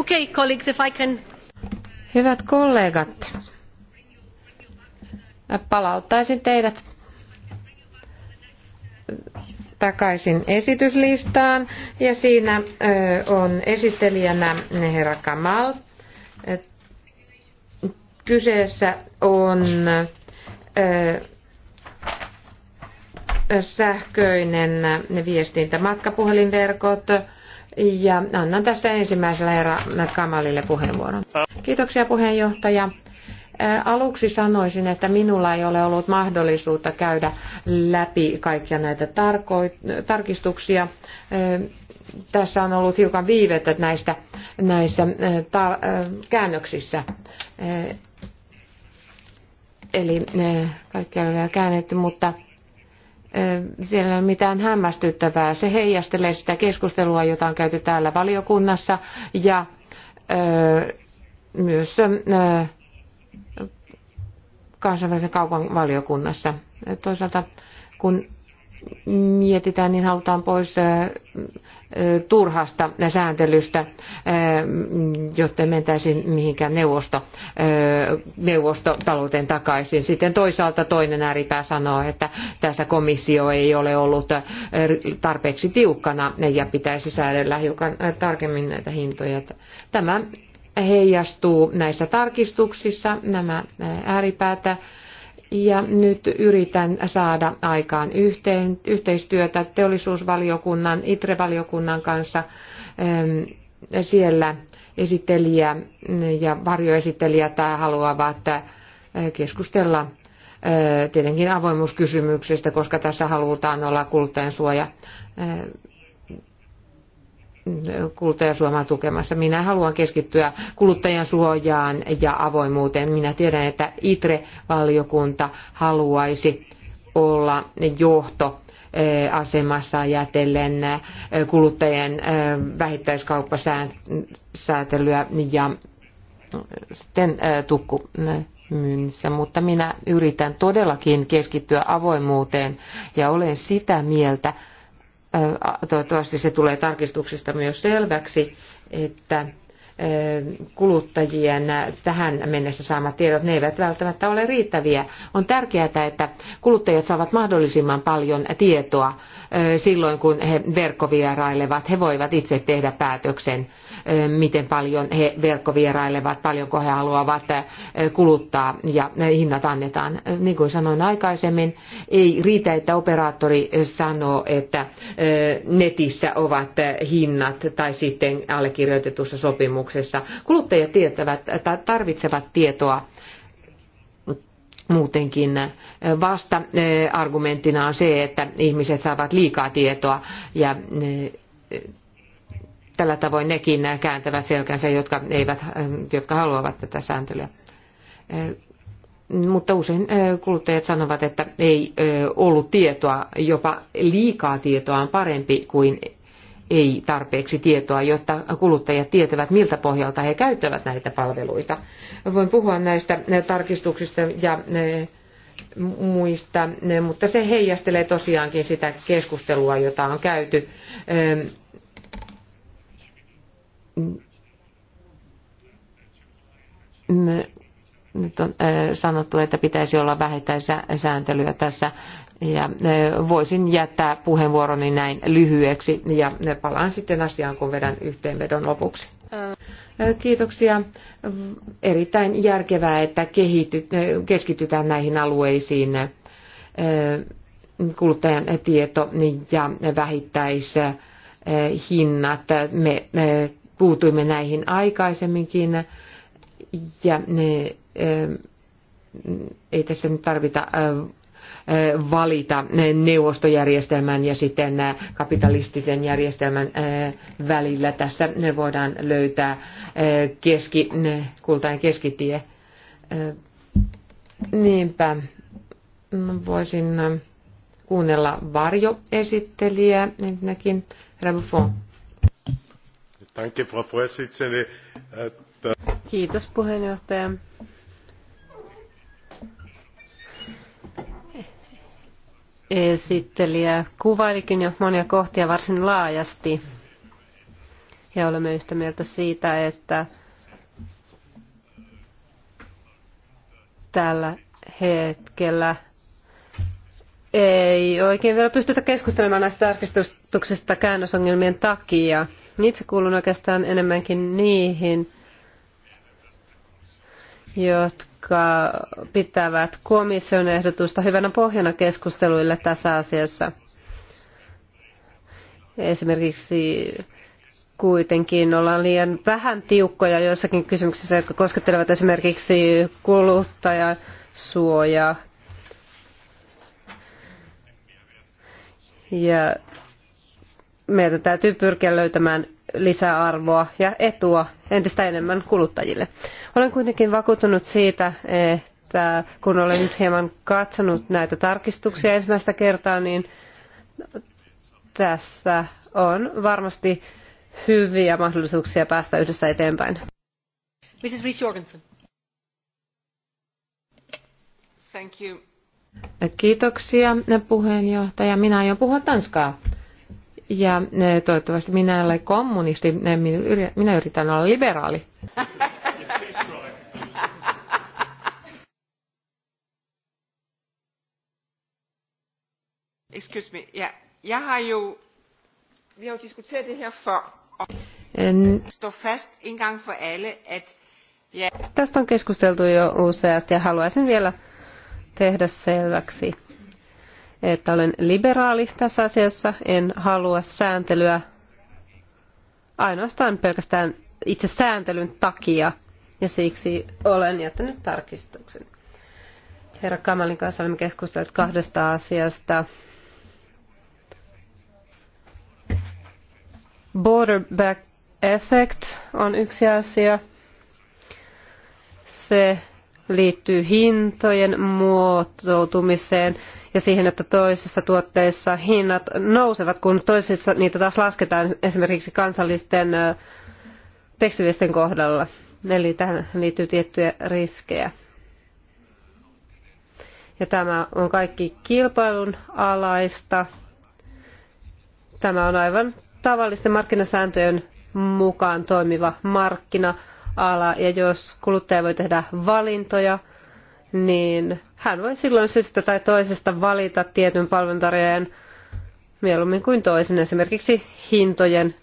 C: Okay, colleagues, if I can...
A: Hyvät kollegat, palauttaisin teidät takaisin esityslistaan ja siinä on esittelijänä herra Kamal. Kyseessä on sähköinen viestintä matkapuhelinverkot, ja annan tässä ensimmäisellä herra Kamalille puheenvuoron. Kiitoksia puheenjohtaja. Aluksi sanoisin, että minulla ei ole ollut mahdollisuutta käydä läpi kaikkia näitä tarkistuksia. Tässä on ollut hiukan viivettä näistä, näissä käännöksissä. Eli kaikki on vielä käännetty, mutta siellä ei ole mitään hämmästyttävää. Se heijastelee sitä keskustelua, jota on käyty täällä valiokunnassa ja myös kansainvälisen kaupan valiokunnassa. Toisaalta kun mietitään, niin halutaan pois turhasta sääntelystä, jotta mentäisiin mihinkään neuvosto, neuvostotalouteen takaisin. Sitten toisaalta toinen ääripää sanoo, että tässä komissio ei ole ollut tarpeeksi tiukkana ja pitäisi säädellä hiukan tarkemmin näitä hintoja. Tämä heijastuu näissä tarkistuksissa, nämä ääripäätä ja nyt yritän saada aikaan yhteen, yhteistyötä teollisuusvaliokunnan, ITRE-valiokunnan kanssa. Siellä esittelijä ja varjoesittelijät haluavat eh, keskustella eh, tietenkin avoimuuskysymyksestä, koska tässä halutaan olla kuluttajansuoja eh, kuluttajasuomaa tukemassa. Minä haluan keskittyä kuluttajan suojaan ja avoimuuteen. Minä tiedän, että ITRE-valiokunta haluaisi olla johto eh, asemassa ajatellen eh, kuluttajien eh, vähittäiskauppasäätelyä ja sitten tukku myynnissä, mutta minä yritän todellakin keskittyä avoimuuteen ja olen sitä mieltä, toivottavasti se tulee tarkistuksesta myös selväksi, että kuluttajien tähän mennessä saamat tiedot, ne eivät välttämättä ole riittäviä. On tärkeää, että kuluttajat saavat mahdollisimman paljon tietoa silloin, kun he verkkovierailevat. He voivat itse tehdä päätöksen, miten paljon he verkkovierailevat, paljonko he haluavat kuluttaa ja hinnat annetaan. Niin kuin sanoin aikaisemmin, ei riitä, että operaattori sanoo, että netissä ovat hinnat tai sitten allekirjoitetussa sopimuksessa. Kuluttajat tietävät, tarvitsevat tietoa muutenkin vasta eh, argumenttina on se, että ihmiset saavat liikaa tietoa ja eh, tällä tavoin nekin kääntävät selkänsä, jotka, eivät, eh, jotka haluavat tätä sääntelyä. Mutta usein kuluttajat sanovat, että ei ollut tietoa, jopa liikaa tietoa on parempi kuin ei tarpeeksi tietoa, jotta kuluttajat tietävät, miltä pohjalta he käyttävät näitä palveluita. Voin puhua näistä tarkistuksista ja e, muista, e, mutta se heijastelee tosiaankin sitä keskustelua, jota on käyty. E, nyt on sanottu, että pitäisi olla vähäisääntöä sääntelyä tässä ja e, voisin jättää puheenvuoroni näin lyhyeksi ja e, palaan sitten asiaan, kun vedän yhteenvedon lopuksi. E, kiitoksia. Erittäin järkevää, että kehityt, keskitytään näihin alueisiin kuluttajan tieto ja vähittäishinnat. Me puutuimme näihin aikaisemminkin ja ne, ei tässä nyt tarvita valita neuvostojärjestelmän ja sitten kapitalistisen järjestelmän välillä. Tässä voidaan löytää keski, kultainen keskitie. Niinpä voisin kuunnella varjoesittelijää ensinnäkin. Rabuffon.
C: Äh, Kiitos puheenjohtaja. esittelijä kuvailikin jo monia kohtia varsin laajasti. Ja olemme yhtä mieltä siitä, että tällä hetkellä ei oikein vielä pystytä keskustelemaan näistä tarkistuksista käännösongelmien takia. Itse kuulun oikeastaan enemmänkin niihin, jotka jotka pitävät komission ehdotusta hyvänä pohjana keskusteluille tässä asiassa. Esimerkiksi kuitenkin ollaan liian vähän tiukkoja joissakin kysymyksissä, jotka koskettelevat esimerkiksi kuluttajasuojaa. Ja meidän täytyy pyrkiä löytämään lisäarvoa ja etua entistä enemmän kuluttajille. Olen kuitenkin vakuuttunut siitä, että kun olen nyt hieman katsonut näitä tarkistuksia ensimmäistä kertaa, niin tässä on varmasti hyviä mahdollisuuksia päästä yhdessä eteenpäin. Mrs. Rees Jorgensen. Thank you. Kiitoksia
A: puheenjohtaja. Minä aion puhua tanskaa. Ja eh, toivottavasti minä en ole kommunisti, minä yritän olla liberaali. Excuse me, ja, jag har ju, vi har diskuterat det här för Stå fast en gång för alla att
C: Tästä on keskusteltu jo useasti ja haluaisin vielä tehdä selväksi, että olen liberaali tässä asiassa, en halua sääntelyä ainoastaan pelkästään itse sääntelyn takia, ja siksi olen jättänyt tarkistuksen. Herra Kamalin kanssa olemme keskustelleet kahdesta asiasta. Border back effect on yksi asia. Se liittyy hintojen muotoutumiseen ja siihen, että toisissa tuotteissa hinnat nousevat, kun toisissa niitä taas lasketaan esimerkiksi kansallisten tekstiviesten kohdalla. Eli tähän liittyy tiettyjä riskejä. Ja tämä on kaikki kilpailun alaista. Tämä on aivan tavallisten markkinasääntöjen mukaan toimiva markkina ala ja jos kuluttaja voi tehdä valintoja, niin hän voi silloin syystä tai toisesta valita tietyn palveluntarjoajan mieluummin kuin toisen, esimerkiksi hintojen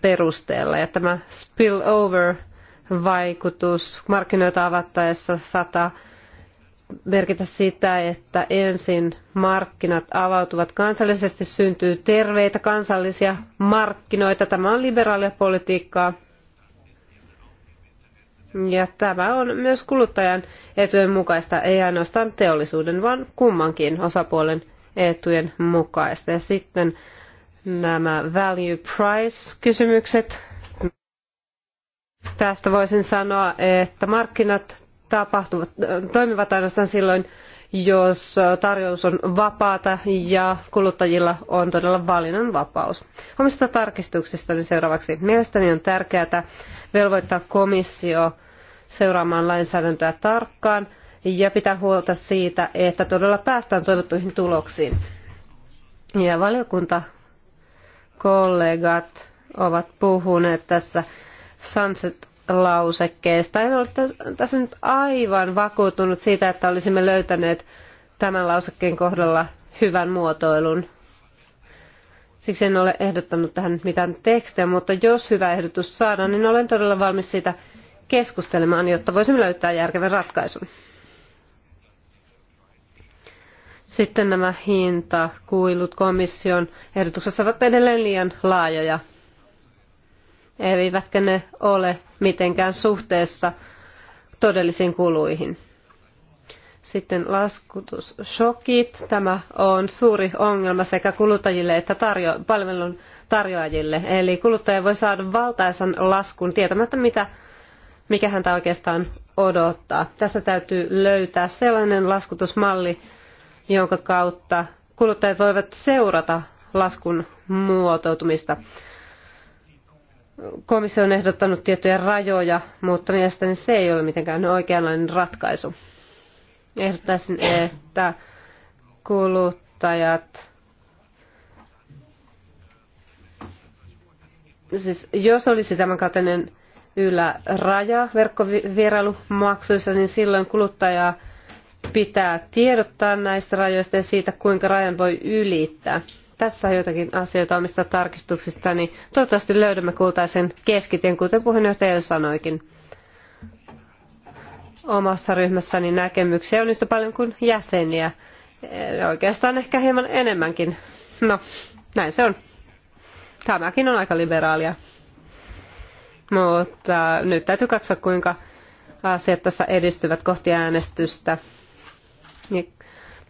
C: perusteella. Ja tämä spillover-vaikutus markkinoita avattaessa saattaa merkitä sitä, että ensin markkinat avautuvat kansallisesti, syntyy terveitä kansallisia markkinoita. Tämä on liberaalia politiikkaa ja tämä on myös kuluttajan etujen mukaista, ei ainoastaan teollisuuden, vaan kummankin osapuolen etujen mukaista. Ja sitten nämä value price kysymykset. Tästä voisin sanoa, että markkinat tapahtuvat, äh, toimivat ainoastaan silloin, jos tarjous on vapaata ja kuluttajilla on todella valinnanvapaus. Omista tarkistuksista niin seuraavaksi. Mielestäni on tärkeää velvoittaa komissio seuraamaan lainsäädäntöä tarkkaan ja pitää huolta siitä, että todella päästään toivottuihin tuloksiin. Ja valiokuntakollegat ovat puhuneet tässä Sunset lausekkeesta. En ole tässä nyt aivan vakuuttunut siitä, että olisimme löytäneet tämän lausekkeen kohdalla hyvän muotoilun. Siksi en ole ehdottanut tähän mitään tekstejä, mutta jos hyvä ehdotus saadaan, niin olen todella valmis siitä keskustelemaan, jotta voisimme löytää järkevän ratkaisun. Sitten nämä hintakuilut komission ehdotuksessa ovat edelleen liian laajoja eivätkä ne ole mitenkään suhteessa todellisiin kuluihin. Sitten laskutusshokit. Tämä on suuri ongelma sekä kuluttajille että tarjo- palvelun tarjoajille. Eli kuluttaja voi saada valtaisan laskun tietämättä, mitä, mikä häntä oikeastaan odottaa. Tässä täytyy löytää sellainen laskutusmalli, jonka kautta kuluttajat voivat seurata laskun muotoutumista komissio on ehdottanut tiettyjä rajoja, mutta mielestäni se ei ole mitenkään oikeanlainen ratkaisu. Ehdottaisin, että kuluttajat, siis jos olisi tämän kaltainen yläraja verkkovierailumaksuissa, niin silloin kuluttajaa pitää tiedottaa näistä rajoista ja siitä, kuinka rajan voi ylittää. Tässä on jotakin asioita omista tarkistuksista, niin toivottavasti löydämme kultaisen keskitien, kuten puheenjohtaja sanoikin. Omassa ryhmässäni näkemyksiä on yhtä paljon kuin jäseniä. Eh, oikeastaan ehkä hieman enemmänkin. No, näin se on. Tämäkin on aika liberaalia. Mutta nyt täytyy katsoa, kuinka asiat tässä edistyvät kohti äänestystä. Niin,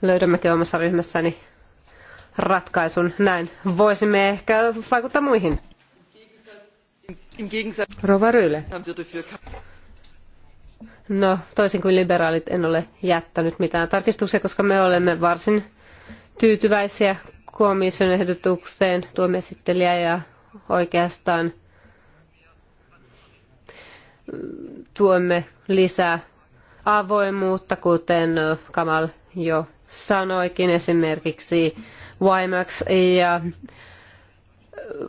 C: löydämmekö omassa ryhmässäni ratkaisun. Näin voisimme ehkä vaikuttaa muihin. Rova No, toisin kuin liberaalit, en ole jättänyt mitään tarkistuksia, koska me olemme varsin tyytyväisiä komission ehdotukseen tuomme esittelijä ja oikeastaan tuomme lisää avoimuutta, kuten Kamal jo sanoikin, esimerkiksi WiMAX ja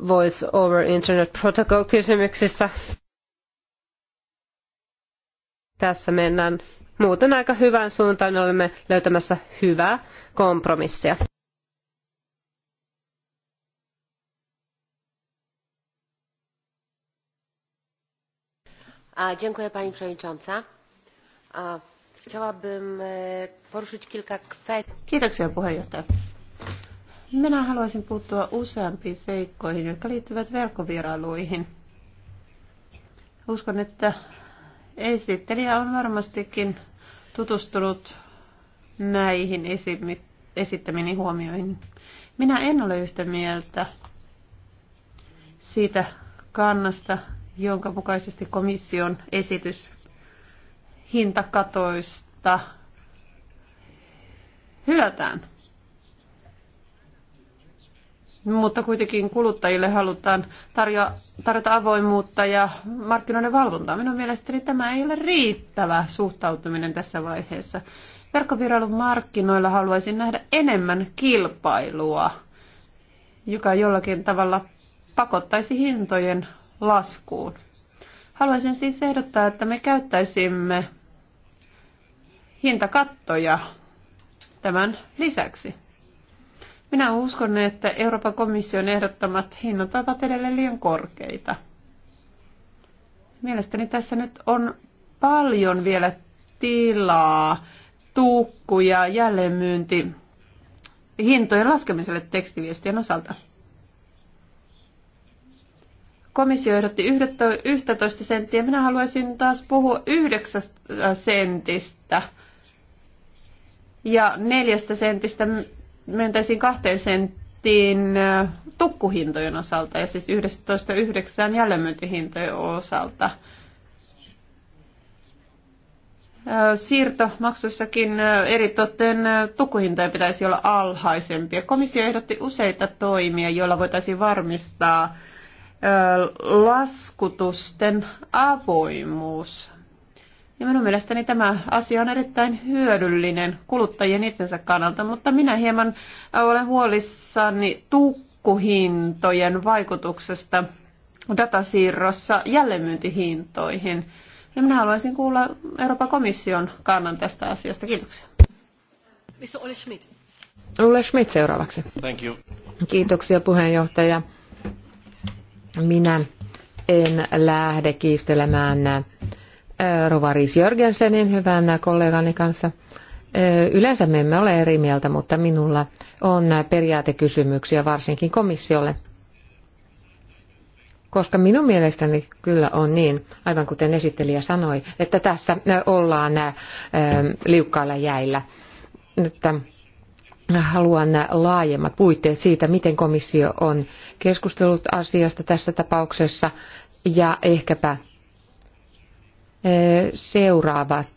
C: Voice over Internet Protocol kysymyksissä. Tässä mennään muuten aika hyvään suuntaan, olemme löytämässä hyvää kompromissia. pani przewodnicząca! E, Kiitoksia puheenjohtaja.
B: Minä haluaisin puuttua useampiin seikkoihin, jotka liittyvät verkkovierailuihin. Uskon, että esittelijä on varmastikin tutustunut näihin esittämiini huomioihin. Minä en ole yhtä mieltä siitä kannasta, jonka mukaisesti komission esitys hintakatoista hylätään. Mutta kuitenkin kuluttajille halutaan tarjoa, tarjota avoimuutta ja markkinoiden valvontaa. Minun mielestäni tämä ei ole riittävä suhtautuminen tässä vaiheessa. Verkkoviralun markkinoilla haluaisin nähdä enemmän kilpailua, joka jollakin tavalla pakottaisi hintojen laskuun. Haluaisin siis ehdottaa, että me käyttäisimme hintakattoja tämän lisäksi. Minä uskon, että Euroopan komission ehdottamat hinnat ovat edelleen liian korkeita. Mielestäni tässä nyt on paljon vielä tilaa tuukkuja, jälleenmyynti hintojen laskemiselle tekstiviestien osalta. Komissio ehdotti 11 senttiä. Minä haluaisin taas puhua 9 sentistä ja neljästä sentistä mentäisiin kahteen senttiin tukkuhintojen osalta ja siis 11.9 jälleenmyyntihintojen osalta. Siirtomaksuissakin eri toteen tukkuhintoja pitäisi olla alhaisempia. Komissio ehdotti useita toimia, joilla voitaisiin varmistaa laskutusten avoimuus. Ja minun mielestäni tämä asia on erittäin hyödyllinen kuluttajien itsensä kannalta, mutta minä hieman olen huolissani tukkuhintojen vaikutuksesta datasiirrossa jälleenmyyntihintoihin. Ja minä haluaisin kuulla Euroopan komission kannan tästä asiasta. Kiitoksia. Missä
A: oli Schmidt? Ulle Schmidt seuraavaksi. Thank you. Kiitoksia puheenjohtaja. Minä en lähde kiistelemään Rovaris Jörgensenin hyvän kollegani kanssa. Yleensä me emme ole eri mieltä, mutta minulla on periaatekysymyksiä varsinkin komissiolle. Koska minun mielestäni kyllä on niin, aivan kuten esittelijä sanoi, että tässä ollaan liukkailla jäillä. Että haluan laajemmat puitteet siitä, miten komissio on keskustellut asiasta tässä tapauksessa ja ehkäpä seuraavat,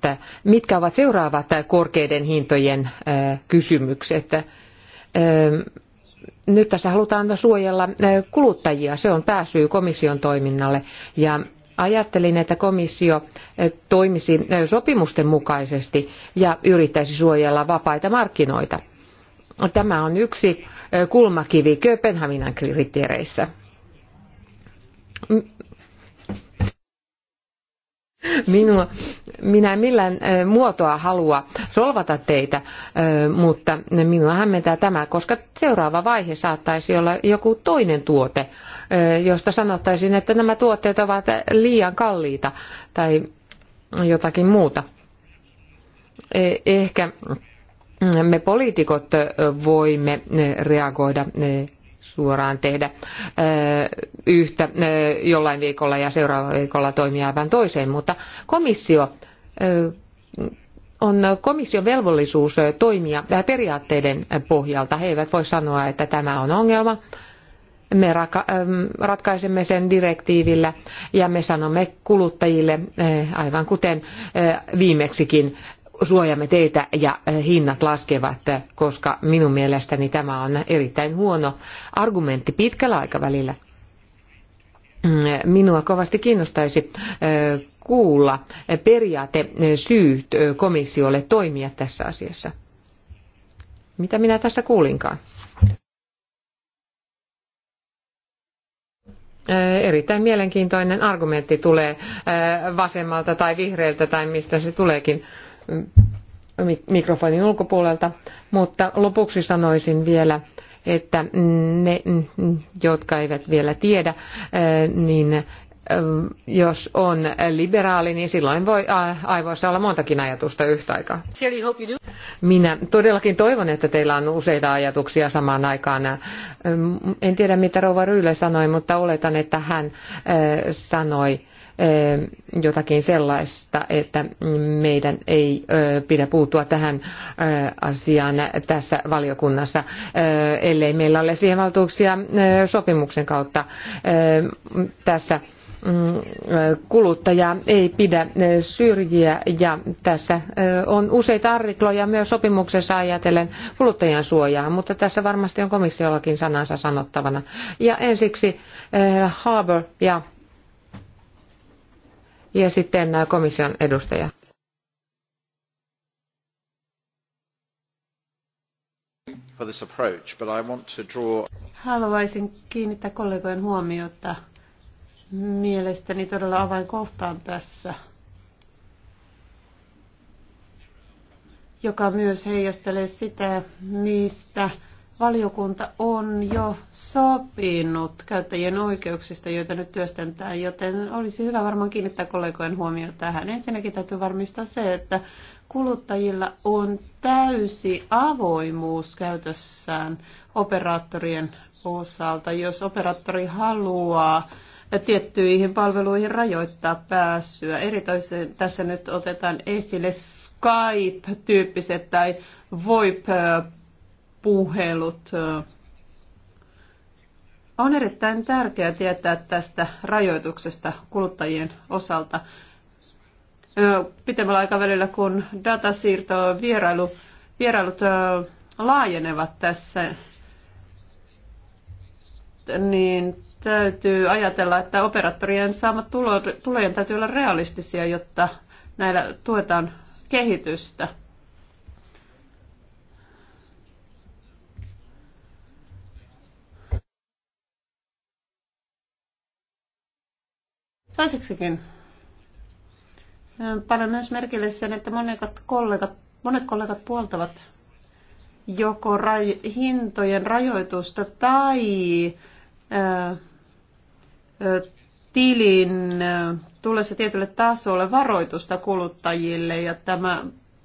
A: mitkä ovat seuraavat korkeiden hintojen kysymykset. Nyt tässä halutaan suojella kuluttajia. Se on pääsyy komission toiminnalle. Ja ajattelin, että komissio toimisi sopimusten mukaisesti ja yrittäisi suojella vapaita markkinoita. Tämä on yksi kulmakivi Kööpenhaminan kriteereissä Minua, minä en millään muotoa halua solvata teitä, mutta minua hämmentää tämä, koska seuraava vaihe saattaisi olla joku toinen tuote, josta sanottaisiin, että nämä tuotteet ovat liian kalliita tai jotakin muuta. E, ehkä me poliitikot voimme reagoida suoraan tehdä yhtä jollain viikolla ja seuraavalla viikolla toimia aivan toiseen, mutta komissio on komission velvollisuus toimia periaatteiden pohjalta. He eivät voi sanoa, että tämä on ongelma. Me ratkaisemme sen direktiivillä ja me sanomme kuluttajille, aivan kuten viimeksikin, suojamme teitä ja eh, hinnat laskevat, eh, koska minun mielestäni tämä on erittäin huono argumentti pitkällä aikavälillä. Mm, minua kovasti kiinnostaisi eh, kuulla periaate syyt komissiolle toimia tässä asiassa. Mitä minä tässä kuulinkaan? Erittäin mielenkiintoinen argumentti tulee vasemmalta tai vihreältä tai mistä se tuleekin mikrofonin ulkopuolelta, mutta lopuksi sanoisin vielä, että ne, jotka eivät vielä tiedä, eh, niin eh, jos on liberaali, niin silloin voi aivoissa olla montakin ajatusta yhtä aikaa. Minä todellakin toivon, että teillä on useita ajatuksia samaan aikaan. Eh, en tiedä, mitä Rouva Ryyle sanoi, mutta oletan, että hän sanoi jotakin sellaista, että meidän ei pidä puuttua tähän asiaan tässä valiokunnassa, ellei meillä ole siihen valtuuksia sopimuksen kautta tässä mm, kuluttaja ei pidä syrjiä ja tässä on useita artikloja myös sopimuksessa ajatellen kuluttajan suojaa, mutta tässä varmasti on komissiollakin sanansa sanottavana. Ja ensiksi Harbour ja ja sitten äh, komission edustaja.
B: Haluaisin kiinnittää kollegojen huomiota mielestäni todella avainkohtaan tässä, joka myös heijastelee sitä, mistä valiokunta on jo sopinut käyttäjien oikeuksista, joita nyt työstentää, joten olisi hyvä varmaan kiinnittää kollegojen huomio tähän. Ensinnäkin täytyy varmistaa se, että kuluttajilla on täysi avoimuus käytössään operaattorien osalta, jos operaattori haluaa tiettyihin palveluihin rajoittaa pääsyä. Erityisen tässä nyt otetaan esille Skype-tyyppiset tai VoIP puhelut. On erittäin tärkeää tietää tästä rajoituksesta kuluttajien osalta. Pitemmällä aikavälillä, kun datasiirto vierailu, vierailut laajenevat tässä, niin täytyy ajatella, että operaattorien saamat tulojen täytyy olla realistisia, jotta näillä tuetaan kehitystä. Toiseksikin eh, panen myös merkille sen, että monet kollegat, monet kollegat puoltavat joko raj- hintojen rajoitusta tai ää, eh, ää, eh, tilin tulessa tietylle tasolle varoitusta kuluttajille ja tämä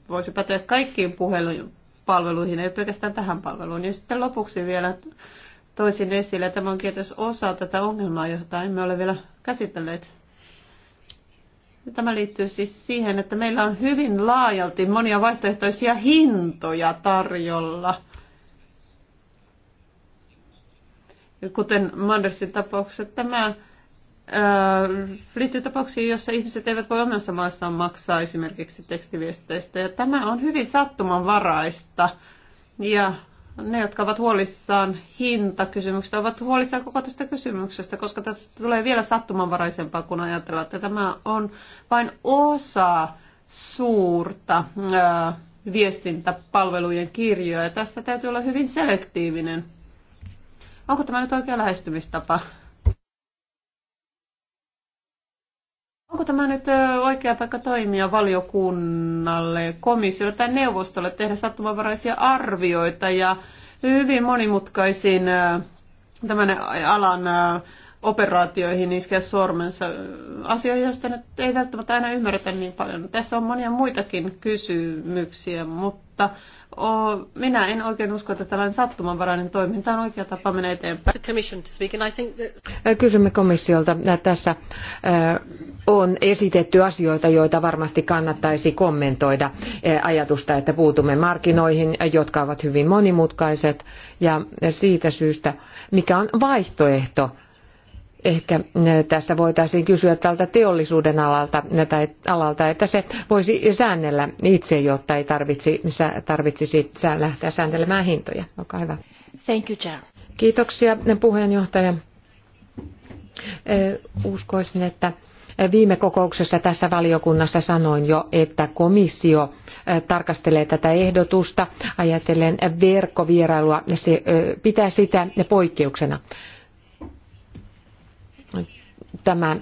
B: voisi päteä kaikkiin puhelupalveluihin, ei pelkästään tähän palveluun. Ja sitten lopuksi vielä toisin esille, tämä on tietysti osa tätä ongelmaa, jota emme ole vielä käsitelleet Tämä liittyy siis siihen, että meillä on hyvin laajalti monia vaihtoehtoisia hintoja tarjolla. Kuten Mandersin tapauksessa tämä ää, liittyy tapauksiin, joissa ihmiset eivät voi omassa maassaan maksaa esimerkiksi tekstiviesteistä. Ja tämä on hyvin sattumanvaraista. Ja ne, jotka ovat huolissaan hintakysymyksestä, ovat huolissaan koko tästä kysymyksestä, koska tästä tulee vielä sattumanvaraisempaa, kun ajatellaan, että tämä on vain osa suurta ää, viestintäpalvelujen kirjoja tässä täytyy olla hyvin selektiivinen. Onko tämä nyt oikea lähestymistapa? Onko tämä nyt oikea paikka toimia valiokunnalle, komissiolle tai neuvostolle tehdä sattumanvaraisia arvioita ja hyvin monimutkaisiin tämän alan operaatioihin iskeä sormensa. Asioihin, joista nyt ei välttämättä aina ymmärretä niin paljon. Tässä on monia muitakin kysymyksiä, mutta oh, minä en oikein usko, että tällainen sattumanvarainen toiminta on oikea tapa mennä eteenpäin.
A: Kysymme komissiolta. Tässä on esitetty asioita, joita varmasti kannattaisi kommentoida. Ajatusta, että puutumme markkinoihin, jotka ovat hyvin monimutkaiset ja siitä syystä, mikä on vaihtoehto Ehkä eh, tässä voitaisiin kysyä tältä teollisuuden alalta, eh, tai alalta, että se voisi säännellä itse, jotta ei tarvitsisi tarvitsisi lähteä sääntelemään hintoja. Olkaa hyvä. Thank you, Chair. Kiitoksia eh, puheenjohtaja. Uskoisin, että viime kokouksessa tässä valiokunnassa sanoin jo, että komissio tarkastelee tätä ehdotusta ajatellen verkkovierailua ja se pitää sitä poikkeuksena. Tämä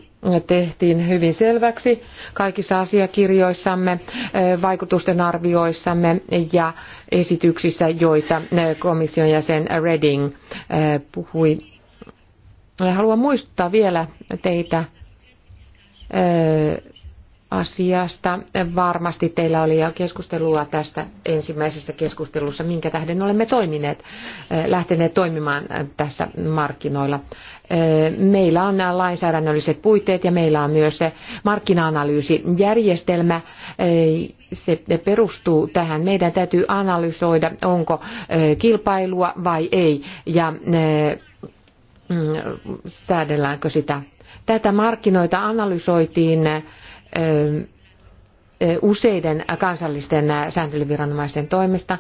A: tehtiin hyvin selväksi kaikissa asiakirjoissamme, eh, vaikutusten arvioissamme ja esityksissä, joita eh, komission jäsen Reding eh, puhui. Haluan muistuttaa vielä teitä asiasta. Varmasti teillä oli jo keskustelua tästä ensimmäisessä keskustelussa, minkä tähden olemme toimineet, eh, lähteneet toimimaan eh, tässä markkinoilla. Eh, meillä on nämä lainsäädännölliset puitteet ja meillä on myös se markkina-analyysijärjestelmä. Se perustuu tähän. Meidän täytyy analysoida, onko kilpailua vai ei ja mm, säädelläänkö sitä. Tätä markkinoita analysoitiin useiden kansallisten sääntelyviranomaisten toimesta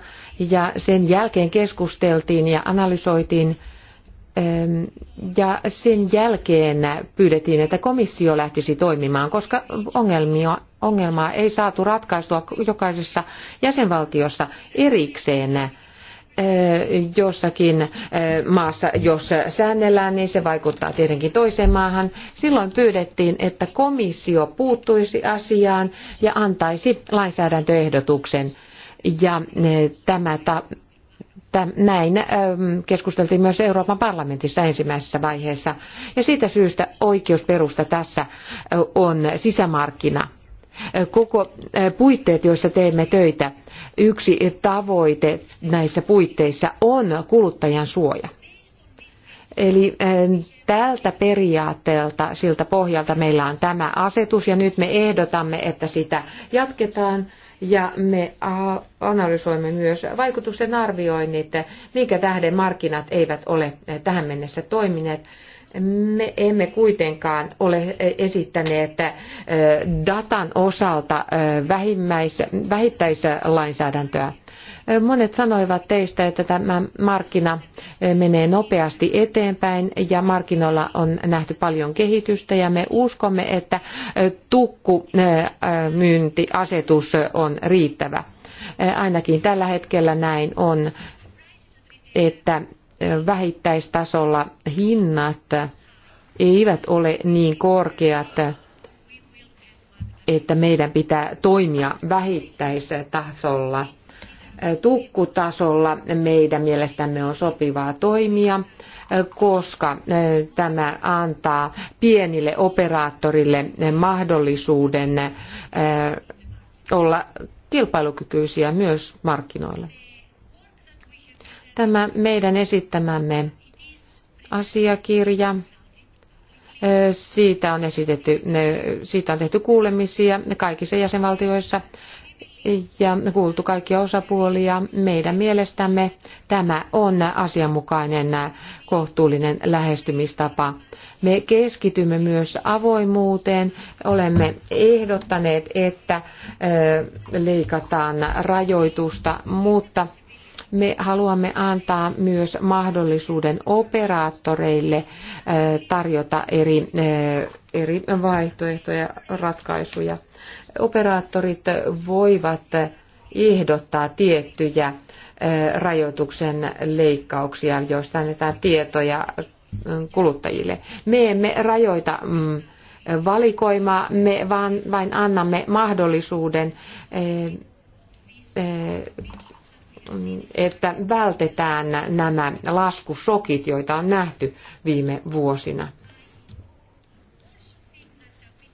A: ja sen jälkeen keskusteltiin ja analysoitiin ja sen jälkeen pyydettiin, että komissio lähtisi toimimaan, koska ongelmia, ongelmaa ei saatu ratkaistua jokaisessa jäsenvaltiossa erikseen Eh, jossakin eh, maassa, jos säännellään, niin se vaikuttaa tietenkin toiseen maahan. Silloin pyydettiin, että komissio puuttuisi asiaan ja antaisi lainsäädäntöehdotuksen. Ja eh, tämä näin keskusteltiin myös Euroopan parlamentissa ensimmäisessä vaiheessa. Ja siitä syystä oikeusperusta tässä on sisämarkkina. Koko puitteet, joissa teemme töitä, yksi tavoite näissä puitteissa on kuluttajan suoja. Eli eh, tältä periaatteelta, siltä pohjalta meillä on tämä asetus ja nyt me ehdotamme, että sitä jatketaan ja me analysoimme myös vaikutusten arvioinnit, minkä tähden markkinat eivät ole eh, tähän mennessä toimineet me emme kuitenkaan ole esittäneet äh, datan osalta äh, vähittäislainsäädäntöä. Äh, monet sanoivat teistä, että tämä markkina menee nopeasti eteenpäin ja markkinoilla on nähty paljon kehitystä ja me uskomme, että tukkumyyntiasetus on riittävä. Ainakin tällä hetkellä näin on, että vähittäistasolla hinnat eivät ole niin korkeat, että meidän pitää toimia vähittäistasolla. Tukkutasolla meidän mielestämme on sopivaa toimia, koska tämä antaa pienille operaattorille mahdollisuuden eh, olla kilpailukykyisiä myös markkinoilla. Tämä meidän esittämämme asiakirja, siitä on, esitetty, siitä on tehty kuulemisia kaikissa jäsenvaltioissa ja kuultu kaikkia osapuolia. Meidän mielestämme tämä on asianmukainen kohtuullinen lähestymistapa. Me keskitymme myös avoimuuteen. Olemme ehdottaneet, että leikataan rajoitusta, mutta me haluamme antaa myös mahdollisuuden operaattoreille tarjota eri, eri vaihtoehtoja, ratkaisuja. Operaattorit voivat ehdottaa tiettyjä rajoituksen leikkauksia, joista annetaan tietoja kuluttajille. Me emme rajoita mm, valikoimaa, me vaan, vain annamme mahdollisuuden niin, että vältetään nämä laskusokit, joita on nähty viime vuosina.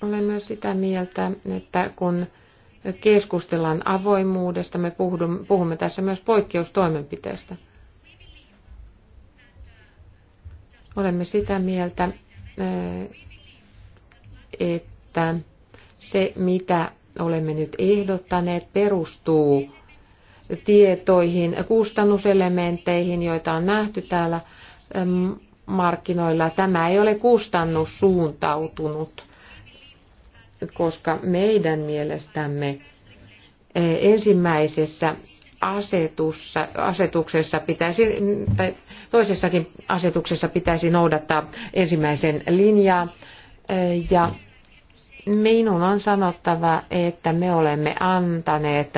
A: Olen myös sitä mieltä, että kun keskustellaan avoimuudesta, me puhumme tässä myös poikkeustoimenpiteestä. Olemme sitä mieltä, eh, että se mitä olemme nyt ehdottaneet perustuu tietoihin, kustannuselementteihin, joita on nähty täällä ähm, markkinoilla. Tämä ei ole kustannussuuntautunut, koska meidän mielestämme äh, ensimmäisessä asetussa, asetuksessa pitäisi, tai toisessakin asetuksessa pitäisi noudattaa ensimmäisen linjaa äh, ja Minun on sanottava, että me olemme antaneet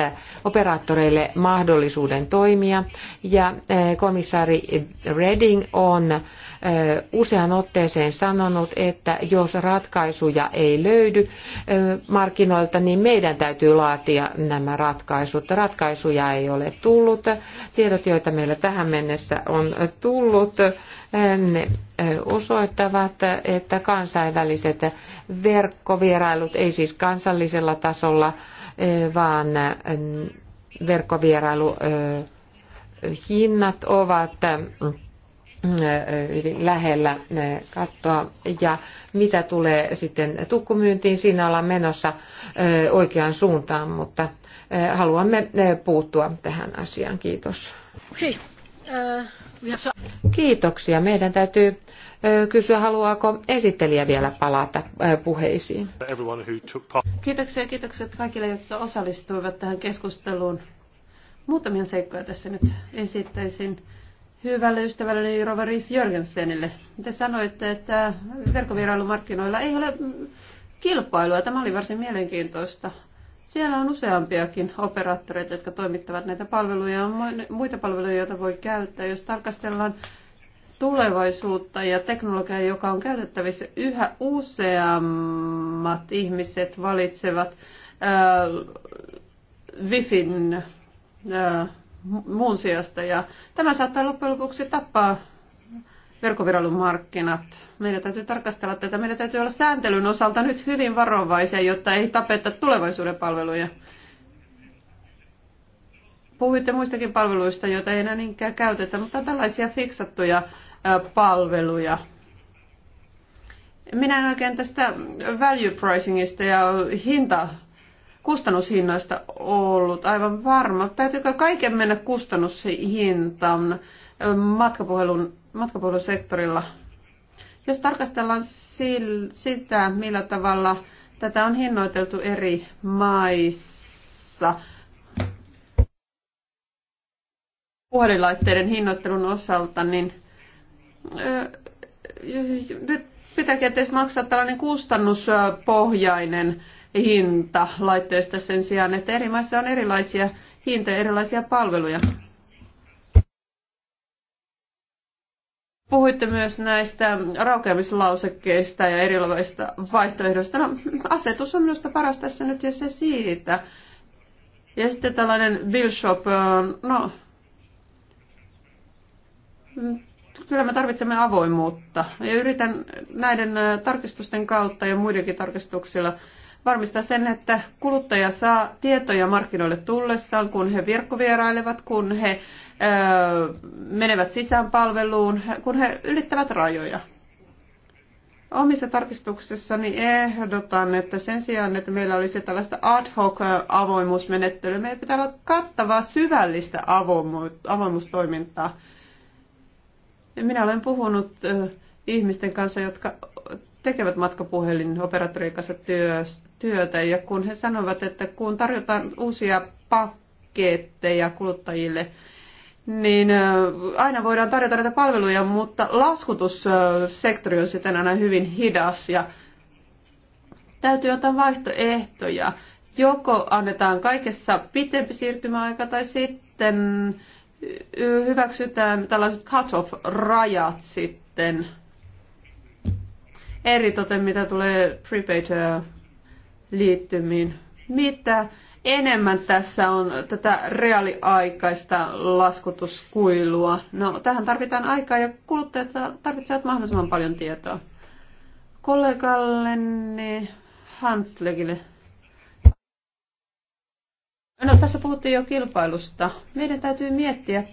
A: operaattoreille mahdollisuuden toimia ja eh, komissaari Reding on usean otteeseen sanonut, että jos ratkaisuja ei löydy markkinoilta, niin meidän täytyy laatia nämä ratkaisut. Ratkaisuja ei ole tullut. Tiedot, joita meillä tähän mennessä on tullut, ne osoittavat, että kansainväliset verkkovierailut, ei siis kansallisella tasolla, vaan verkkovierailuhinnat ovat hyvin lähellä kattoa. Ja mitä tulee sitten tukkumyyntiin, siinä ollaan menossa oikeaan suuntaan, mutta haluamme puuttua tähän asiaan. Kiitos. Kiitoksia. Meidän täytyy kysyä, haluaako esittelijä vielä palata puheisiin.
B: Kiitoksia, kiitokset kaikille, jotka osallistuivat tähän keskusteluun. Muutamia seikkoja tässä nyt esittäisin hyvälle ystävälleni Rova Riis Jörgensenille. Te sanoitte, että verkkovierailumarkkinoilla ei ole kilpailua. Tämä oli varsin mielenkiintoista. Siellä on useampiakin operaattoreita, jotka toimittavat näitä palveluja ja on muita palveluja, joita voi käyttää. Jos tarkastellaan tulevaisuutta ja teknologiaa, joka on käytettävissä, yhä useammat ihmiset valitsevat äh, Wifin äh, muun sijasta. Ja tämä saattaa loppujen lopuksi tappaa verkkoviralun markkinat. Meidän täytyy tarkastella tätä. Meidän täytyy olla sääntelyn osalta nyt hyvin varovaisia, jotta ei tapeta tulevaisuuden palveluja. Puhuitte muistakin palveluista, joita ei enää niinkään käytetä, mutta tällaisia fiksattuja palveluja. Minä en oikein tästä value pricingista ja hinta kustannushinnoista ollut aivan varma. Täytyykö kaiken mennä kustannushintaan matkapuhelun, matkapuhelun sektorilla? Jos tarkastellaan sil, sitä, millä tavalla tätä on hinnoiteltu eri maissa, puhelinlaitteiden hinnoittelun osalta, niin nyt pitääkin edes maksaa tällainen kustannuspohjainen hinta laitteesta sen sijaan, että eri maissa on erilaisia hintoja, erilaisia palveluja. Puhuitte myös näistä raukeamislausekkeista ja erilaisista vaihtoehdoista. No, asetus on minusta paras tässä nyt ja se siitä. Ja sitten tällainen Billshop, no, kyllä me tarvitsemme avoimuutta. Ja yritän näiden tarkistusten kautta ja muidenkin tarkistuksilla varmistaa sen, että kuluttaja saa tietoja markkinoille tullessaan, kun he virkkovierailevat, kun he öö, menevät sisään palveluun, kun he ylittävät rajoja. Omissa tarkistuksissani ehdotan, että sen sijaan, että meillä olisi tällaista ad hoc avoimuusmenettelyä, meillä pitää olla kattavaa syvällistä avoimuustoimintaa. Minä olen puhunut ihmisten kanssa, jotka tekevät matkapuhelin operaattorien kanssa työs, työtä. Ja kun he sanovat, että kun tarjotaan uusia paketteja kuluttajille, niin aina voidaan tarjota näitä palveluja, mutta laskutussektori on sitten aina hyvin hidas ja täytyy antaa vaihtoehtoja. Joko annetaan kaikessa pitempi siirtymäaika tai sitten hyväksytään tällaiset cut-off-rajat sitten. toten, mitä tulee prepaid liittymiin. Mitä enemmän tässä on tätä reaaliaikaista laskutuskuilua? No, tähän tarvitaan aikaa ja kuluttajat tarvitsevat mahdollisimman paljon tietoa. Kollegalleni Hanslegille. No, tässä puhuttiin jo kilpailusta. Meidän täytyy miettiä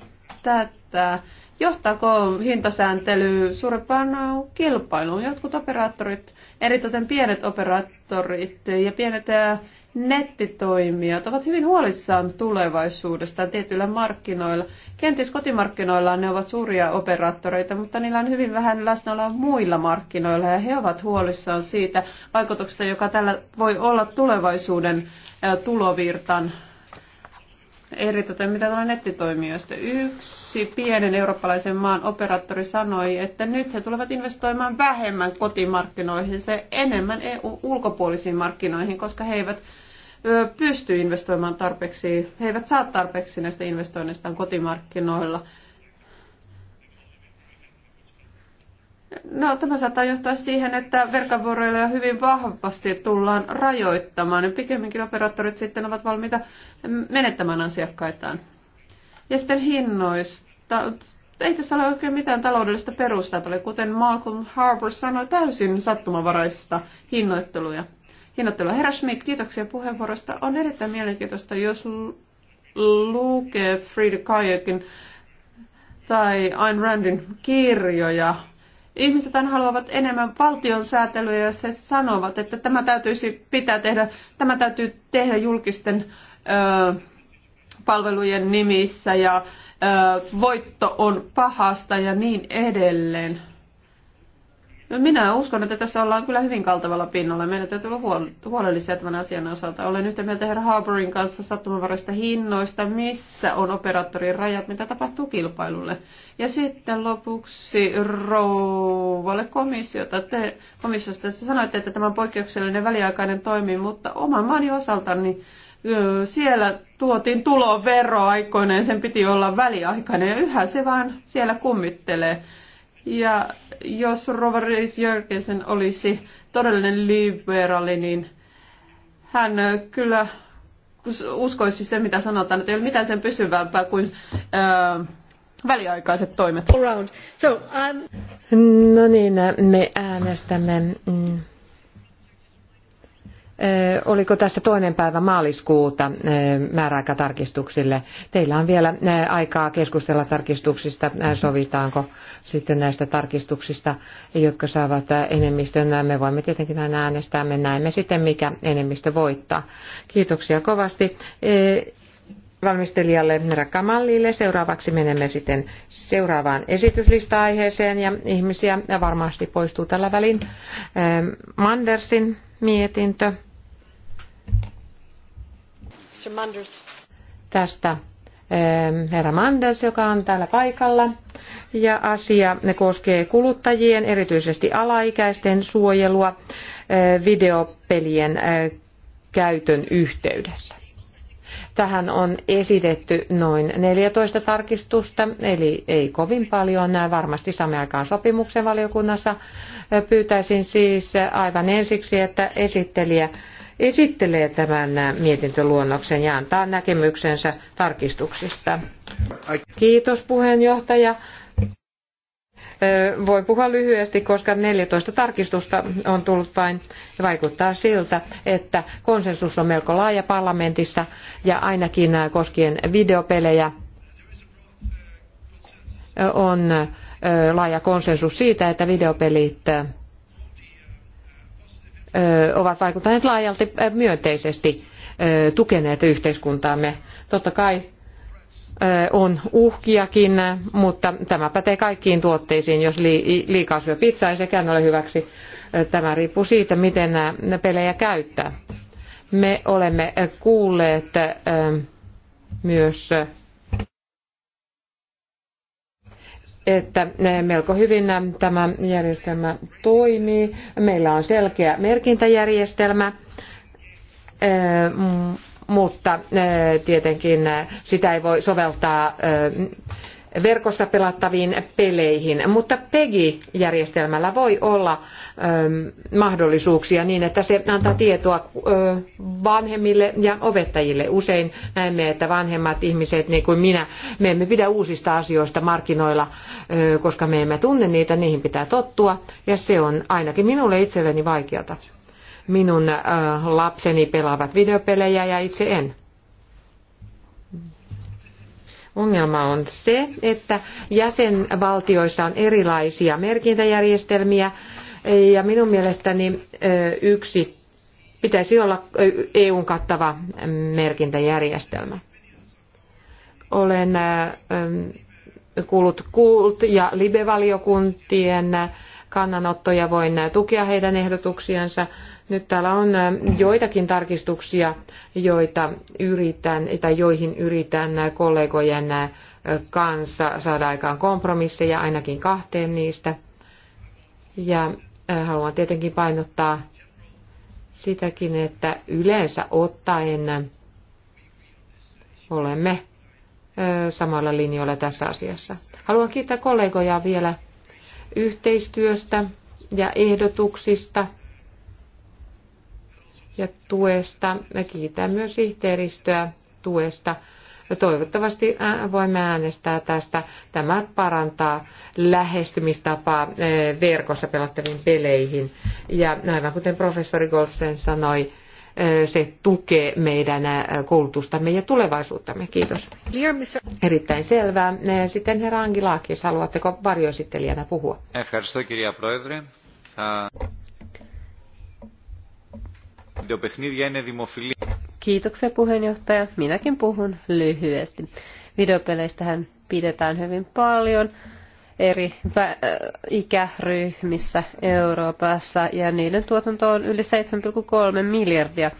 B: tätä Johtaako hintasääntely suurempaan kilpailuun? Jotkut operaattorit, eritoten pienet operaattorit ja pienet nettitoimijat ovat hyvin huolissaan tulevaisuudesta tietyillä markkinoilla. Kenties kotimarkkinoilla ne ovat suuria operaattoreita, mutta niillä on hyvin vähän läsnäoloa muilla markkinoilla ja he ovat huolissaan siitä vaikutuksesta, joka tällä voi olla tulevaisuuden tulovirtan eritoten mitä tuolla nettitoimijoista. Yksi pienen eurooppalaisen maan operaattori sanoi, että nyt he tulevat investoimaan vähemmän kotimarkkinoihin, se enemmän EU-ulkopuolisiin markkinoihin, koska he eivät pysty investoimaan tarpeeksi, he eivät saa tarpeeksi näistä investoinneistaan kotimarkkinoilla – No, tämä saattaa johtaa siihen, että verkkovuoroilla hyvin vahvasti tullaan rajoittamaan, ja pikemminkin operaattorit sitten ovat valmiita menettämään asiakkaitaan. Ja sitten hinnoista. Ei tässä ole oikein mitään taloudellista perustaa, oli kuten Malcolm Harbour sanoi, täysin sattumavaraista hinnoitteluja. Hinnoittelua. Herra Schmidt, kiitoksia puheenvuorosta. On erittäin mielenkiintoista, jos lukee Frida Kajakin tai Ayn Randin kirjoja, Ihmiset haluavat enemmän valtion säätelyä ja se sanovat, että tämä täytyisi pitää tehdä, tämä täytyy tehdä julkisten ö, palvelujen nimissä ja ö, voitto on pahasta ja niin edelleen. No minä uskon, että tässä ollaan kyllä hyvin kaltavalla pinnalla. Meidän täytyy olla huolellisia tämän asian osalta. Olen yhtä mieltä herra Harborin kanssa sattumanvaraista hinnoista, missä on operaattorin rajat, mitä tapahtuu kilpailulle. Ja sitten lopuksi rouvalle komissiota. Te komissiosta sanoitte, että tämä on poikkeuksellinen väliaikainen toimi, mutta oman maani osalta niin siellä tuotiin tulovero aikoinen, sen piti olla väliaikainen ja yhä se vaan siellä kummittelee. Ja jos Rovaris Jörgensen olisi todellinen liberaali, niin hän kyllä uskoisi se, mitä sanotaan, että ei ole mitään sen pysyvämpää kuin ää, äh, väliaikaiset toimet.
A: No niin, me äänestämme mm, Eh, oliko tässä toinen päivä maaliskuuta eh, määräaikatarkistuksille? Teillä on vielä eh, aikaa keskustella tarkistuksista, sovitaanko sitten näistä tarkistuksista, jotka saavat enemmistön. Me voimme tietenkin aina äänestää, me näemme sitten, mikä enemmistö voittaa. Kiitoksia kovasti valmistelijalle Rakamallille. Seuraavaksi menemme sitten seuraavaan esityslista-aiheeseen ja ihmisiä varmasti poistuu tällä välin. Mandersin mietintö. Mr. Manders. Tästä ähm, herra Manders, joka on täällä paikalla. Ja asia ne koskee kuluttajien, erityisesti alaikäisten suojelua äh, videopelien äh, käytön yhteydessä. Tähän on esitetty noin 14 tarkistusta, eli ei kovin paljon. Nämä varmasti saamme aikaan sopimuksen valiokunnassa. Äh, pyytäisin siis aivan ensiksi, että esittelijä esittelee tämän mietintöluonnoksen ja antaa näkemyksensä tarkistuksista. Kiitos puheenjohtaja. Voin puhua lyhyesti, koska 14 tarkistusta on tullut vain ja vaikuttaa siltä, että konsensus on melko laaja parlamentissa ja ainakin koskien videopelejä on laaja konsensus siitä, että videopelit ovat vaikuttaneet laajalti myönteisesti tukeneet yhteiskuntaamme. Totta kai on uhkiakin, mutta tämä pätee kaikkiin tuotteisiin. Jos liikaa syö pizzaa, ei sekään ole hyväksi. Tämä riippuu siitä, miten nämä pelejä käyttää. Me olemme kuulleet myös että eh, melko hyvin eh, tämä järjestelmä toimii. Meillä on selkeä merkintäjärjestelmä, eh, mutta tietenkin sitä ei voi soveltaa verkossa pelattaviin peleihin, mutta PEGI-järjestelmällä voi olla ähm, mahdollisuuksia niin, että se antaa tietoa äh, vanhemmille ja opettajille. Usein näemme, että vanhemmat ihmiset, niin kuin minä, me emme pidä uusista asioista markkinoilla, äh, koska me emme tunne niitä, niihin pitää tottua, ja se on ainakin minulle itselleni vaikeata. Minun äh, lapseni pelaavat videopelejä ja itse en Ongelma on se, että jäsenvaltioissa on erilaisia merkintäjärjestelmiä ja minun mielestäni yksi pitäisi olla EUn kattava merkintäjärjestelmä. Olen kuullut KULT ja LIBE-valiokuntien kannanottoja, voin tukea heidän ehdotuksiansa nyt täällä on joitakin tarkistuksia, joita yritän, tai joihin yritän kollegojen kanssa saada aikaan kompromisseja, ainakin kahteen niistä. Ja haluan tietenkin painottaa sitäkin, että yleensä ottaen olemme samalla linjoilla tässä asiassa. Haluan kiittää kollegoja vielä yhteistyöstä ja ehdotuksista ja tuesta. Kiitän myös sihteeristöä tuesta. Toivottavasti voimme äänestää tästä. Tämä parantaa lähestymistapaa verkossa pelattaviin peleihin. Ja aivan kuten professori Goldstein sanoi, se tukee meidän koulutustamme ja tulevaisuuttamme. Kiitos. Erittäin selvää. Sitten herra Angilaakis,
C: haluatteko varjoesittelijänä puhua? Kiitoksia puheenjohtaja. Minäkin puhun lyhyesti. Videopeleistähän pidetään hyvin paljon eri vä- äh, ikäryhmissä Euroopassa ja niiden tuotanto on yli 7,3 miljardia.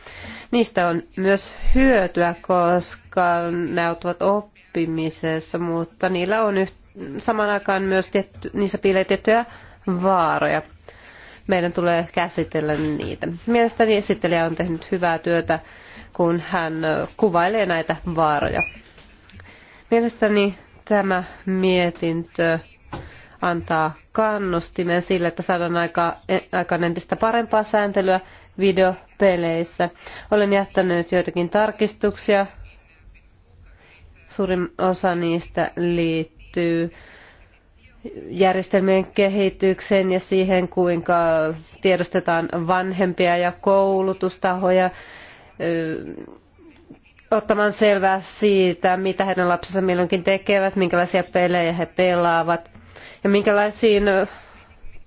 C: Niistä on myös hyötyä, koska ne auttavat oppimisessa, mutta niillä on yht- saman aikaan myös tietty, niissä piilee tiettyjä vaaroja meidän tulee käsitellä niitä. Mielestäni esittelijä on tehnyt hyvää työtä, kun hän kuvailee näitä vaaroja. Mielestäni tämä mietintö antaa kannustimen sille, että saadaan aika, aikaan entistä parempaa sääntelyä videopeleissä. Olen jättänyt joitakin tarkistuksia. Suurin osa niistä liittyy järjestelmien kehitykseen ja siihen, kuinka tiedostetaan vanhempia ja koulutustahoja ottamaan selvää siitä, mitä heidän lapsensa milloinkin tekevät, minkälaisia pelejä he pelaavat ja minkälaisiin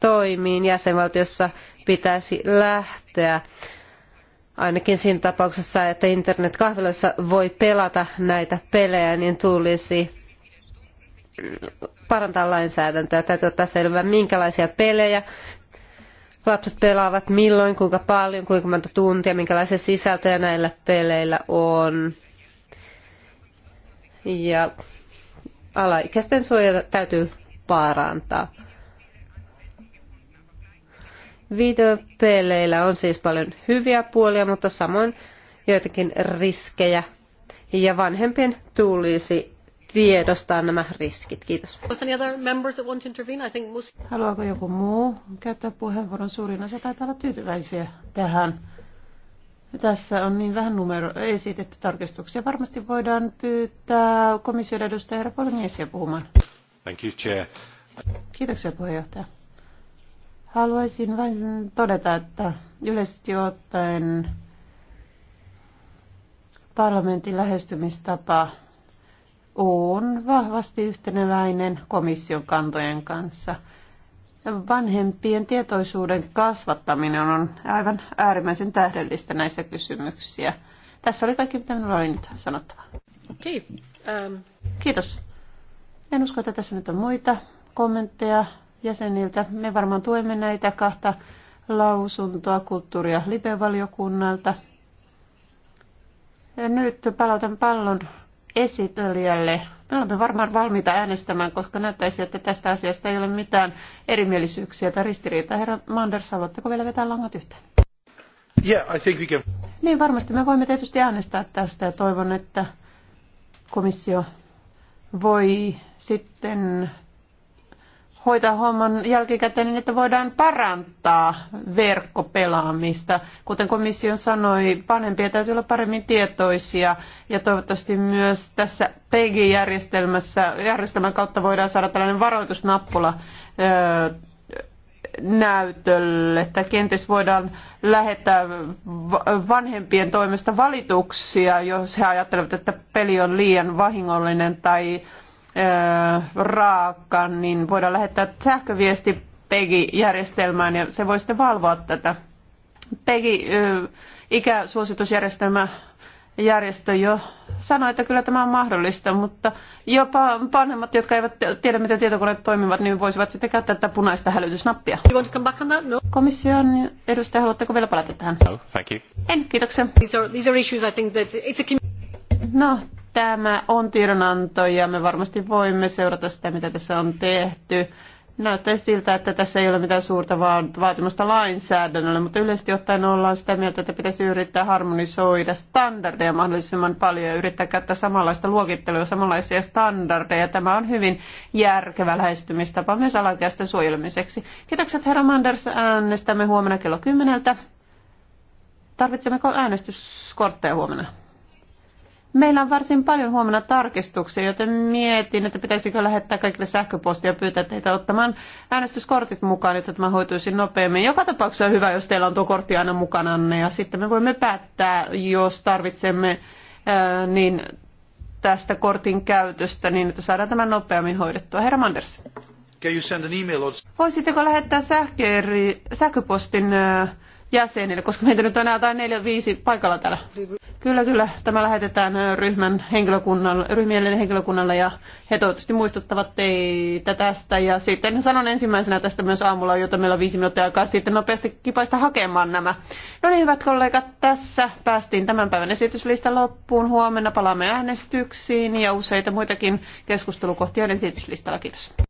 C: toimiin jäsenvaltiossa pitäisi lähteä. Ainakin siinä tapauksessa, että internetkahviloissa voi pelata näitä pelejä, niin tulisi parantaa lainsäädäntöä. Täytyy ottaa selvää, minkälaisia pelejä lapset pelaavat, milloin, kuinka paljon, kuinka monta tuntia, minkälaisia sisältöjä näillä peleillä on. Ja alaikäisten suoja täytyy parantaa. Videopeleillä on siis paljon hyviä puolia, mutta samoin joitakin riskejä. Ja vanhempien tulisi tiedostaa nämä riskit. Kiitos.
B: Haluaako joku muu käyttää puheenvuoron? Suurin osa taitaa olla tyytyväisiä tähän. Tässä on niin vähän numero esitetty tarkistuksia. Varmasti voidaan pyytää komission edustaja herra Polniesia puhumaan.
A: Thank you, chair.
B: Kiitoksia puheenjohtaja. Haluaisin vain todeta, että yleisesti ottaen parlamentin lähestymistapa on vahvasti yhteneväinen komission kantojen kanssa. Vanhempien tietoisuuden kasvattaminen on aivan äärimmäisen tähdellistä näissä kysymyksiä. Tässä oli kaikki, mitä minulla oli nyt sanottava. Okay. Um. Ähm. Kiitos. En usko, että tässä nyt on muita kommentteja jäseniltä. Me varmaan tuemme näitä kahta lausuntoa kulttuuri- ja Ja nyt palautan pallon esitelijälle. Me olemme varmaan valmiita äänestämään, koska näyttäisi, että tästä asiasta ei ole mitään erimielisyyksiä tai ristiriitaa. Herra Manders, haluatteko vielä vetää langat yhteen?
C: Yeah, I think we can.
B: Niin, varmasti me voimme tietysti äänestää tästä ja toivon, että komissio voi sitten hoitaa homman jälkikäteen niin, että voidaan parantaa verkkopelaamista. Kuten komissio sanoi, vanhempia täytyy olla paremmin tietoisia ja toivottavasti myös tässä PEGI-järjestelmässä järjestelmän kautta voidaan saada tällainen varoitusnappula öö, näytölle, että kenties voidaan lähettää vanhempien toimesta valituksia, jos he ajattelevat, että peli on liian vahingollinen tai raakan, niin voidaan lähettää sähköviesti PEGI-järjestelmään ja se voi sitten valvoa tätä. PEGI-ikäsuositusjärjestelmä järjestö jo sanoi, että kyllä tämä on mahdollista, mutta jopa vanhemmat, jotka eivät tiedä, miten tietokoneet toimivat, niin voisivat sitten käyttää tätä punaista hälytysnappia. No. Komission edustaja, haluatteko vielä palata tähän? No, thank you. En, kiitoksia. These are, these are issues, I think that it's a... No, Tämä on tiedonanto ja me varmasti voimme seurata sitä, mitä tässä on tehty. Näyttää siltä, että tässä ei ole mitään suurta vaatimusta lainsäädännölle, mutta yleisesti ottaen ollaan sitä mieltä, että pitäisi yrittää harmonisoida standardeja mahdollisimman paljon ja yrittää käyttää samanlaista luokittelua, samanlaisia standardeja. Tämä on hyvin järkevä lähestymistapa myös alakäisten suojelemiseksi. Kiitokset herra Manders, äänestämme huomenna kello kymmeneltä. Tarvitsemmeko äänestyskortteja huomenna? Meillä on varsin paljon huomenna tarkistuksia, joten mietin, että pitäisikö lähettää kaikille sähköpostia ja pyytää teitä ottamaan äänestyskortit mukaan, jotta tämä hoituisi nopeammin. Joka tapauksessa on hyvä, jos teillä on tuo kortti aina mukananne ja sitten me voimme päättää, jos tarvitsemme ää, niin tästä kortin käytöstä niin, että saadaan tämä nopeammin hoidettua. Herra Manders. Can you send an email or... Voisitteko lähettää sähköpostin ää, jäsenille, koska meitä nyt on jotain neljä viisi paikalla täällä. Kyllä, kyllä. Tämä lähetetään ryhmän henkilökunnalle, ryhmien henkilökunnalle ja he toivottavasti muistuttavat teitä tästä. Ja sitten sanon ensimmäisenä tästä myös aamulla, jota meillä on viisi minuuttia aikaa sitten nopeasti kipaista hakemaan nämä. No niin, hyvät kollegat, tässä päästiin tämän päivän esityslistan loppuun. Huomenna palaamme äänestyksiin ja useita muitakin keskustelukohtia esityslistalla. Kiitos.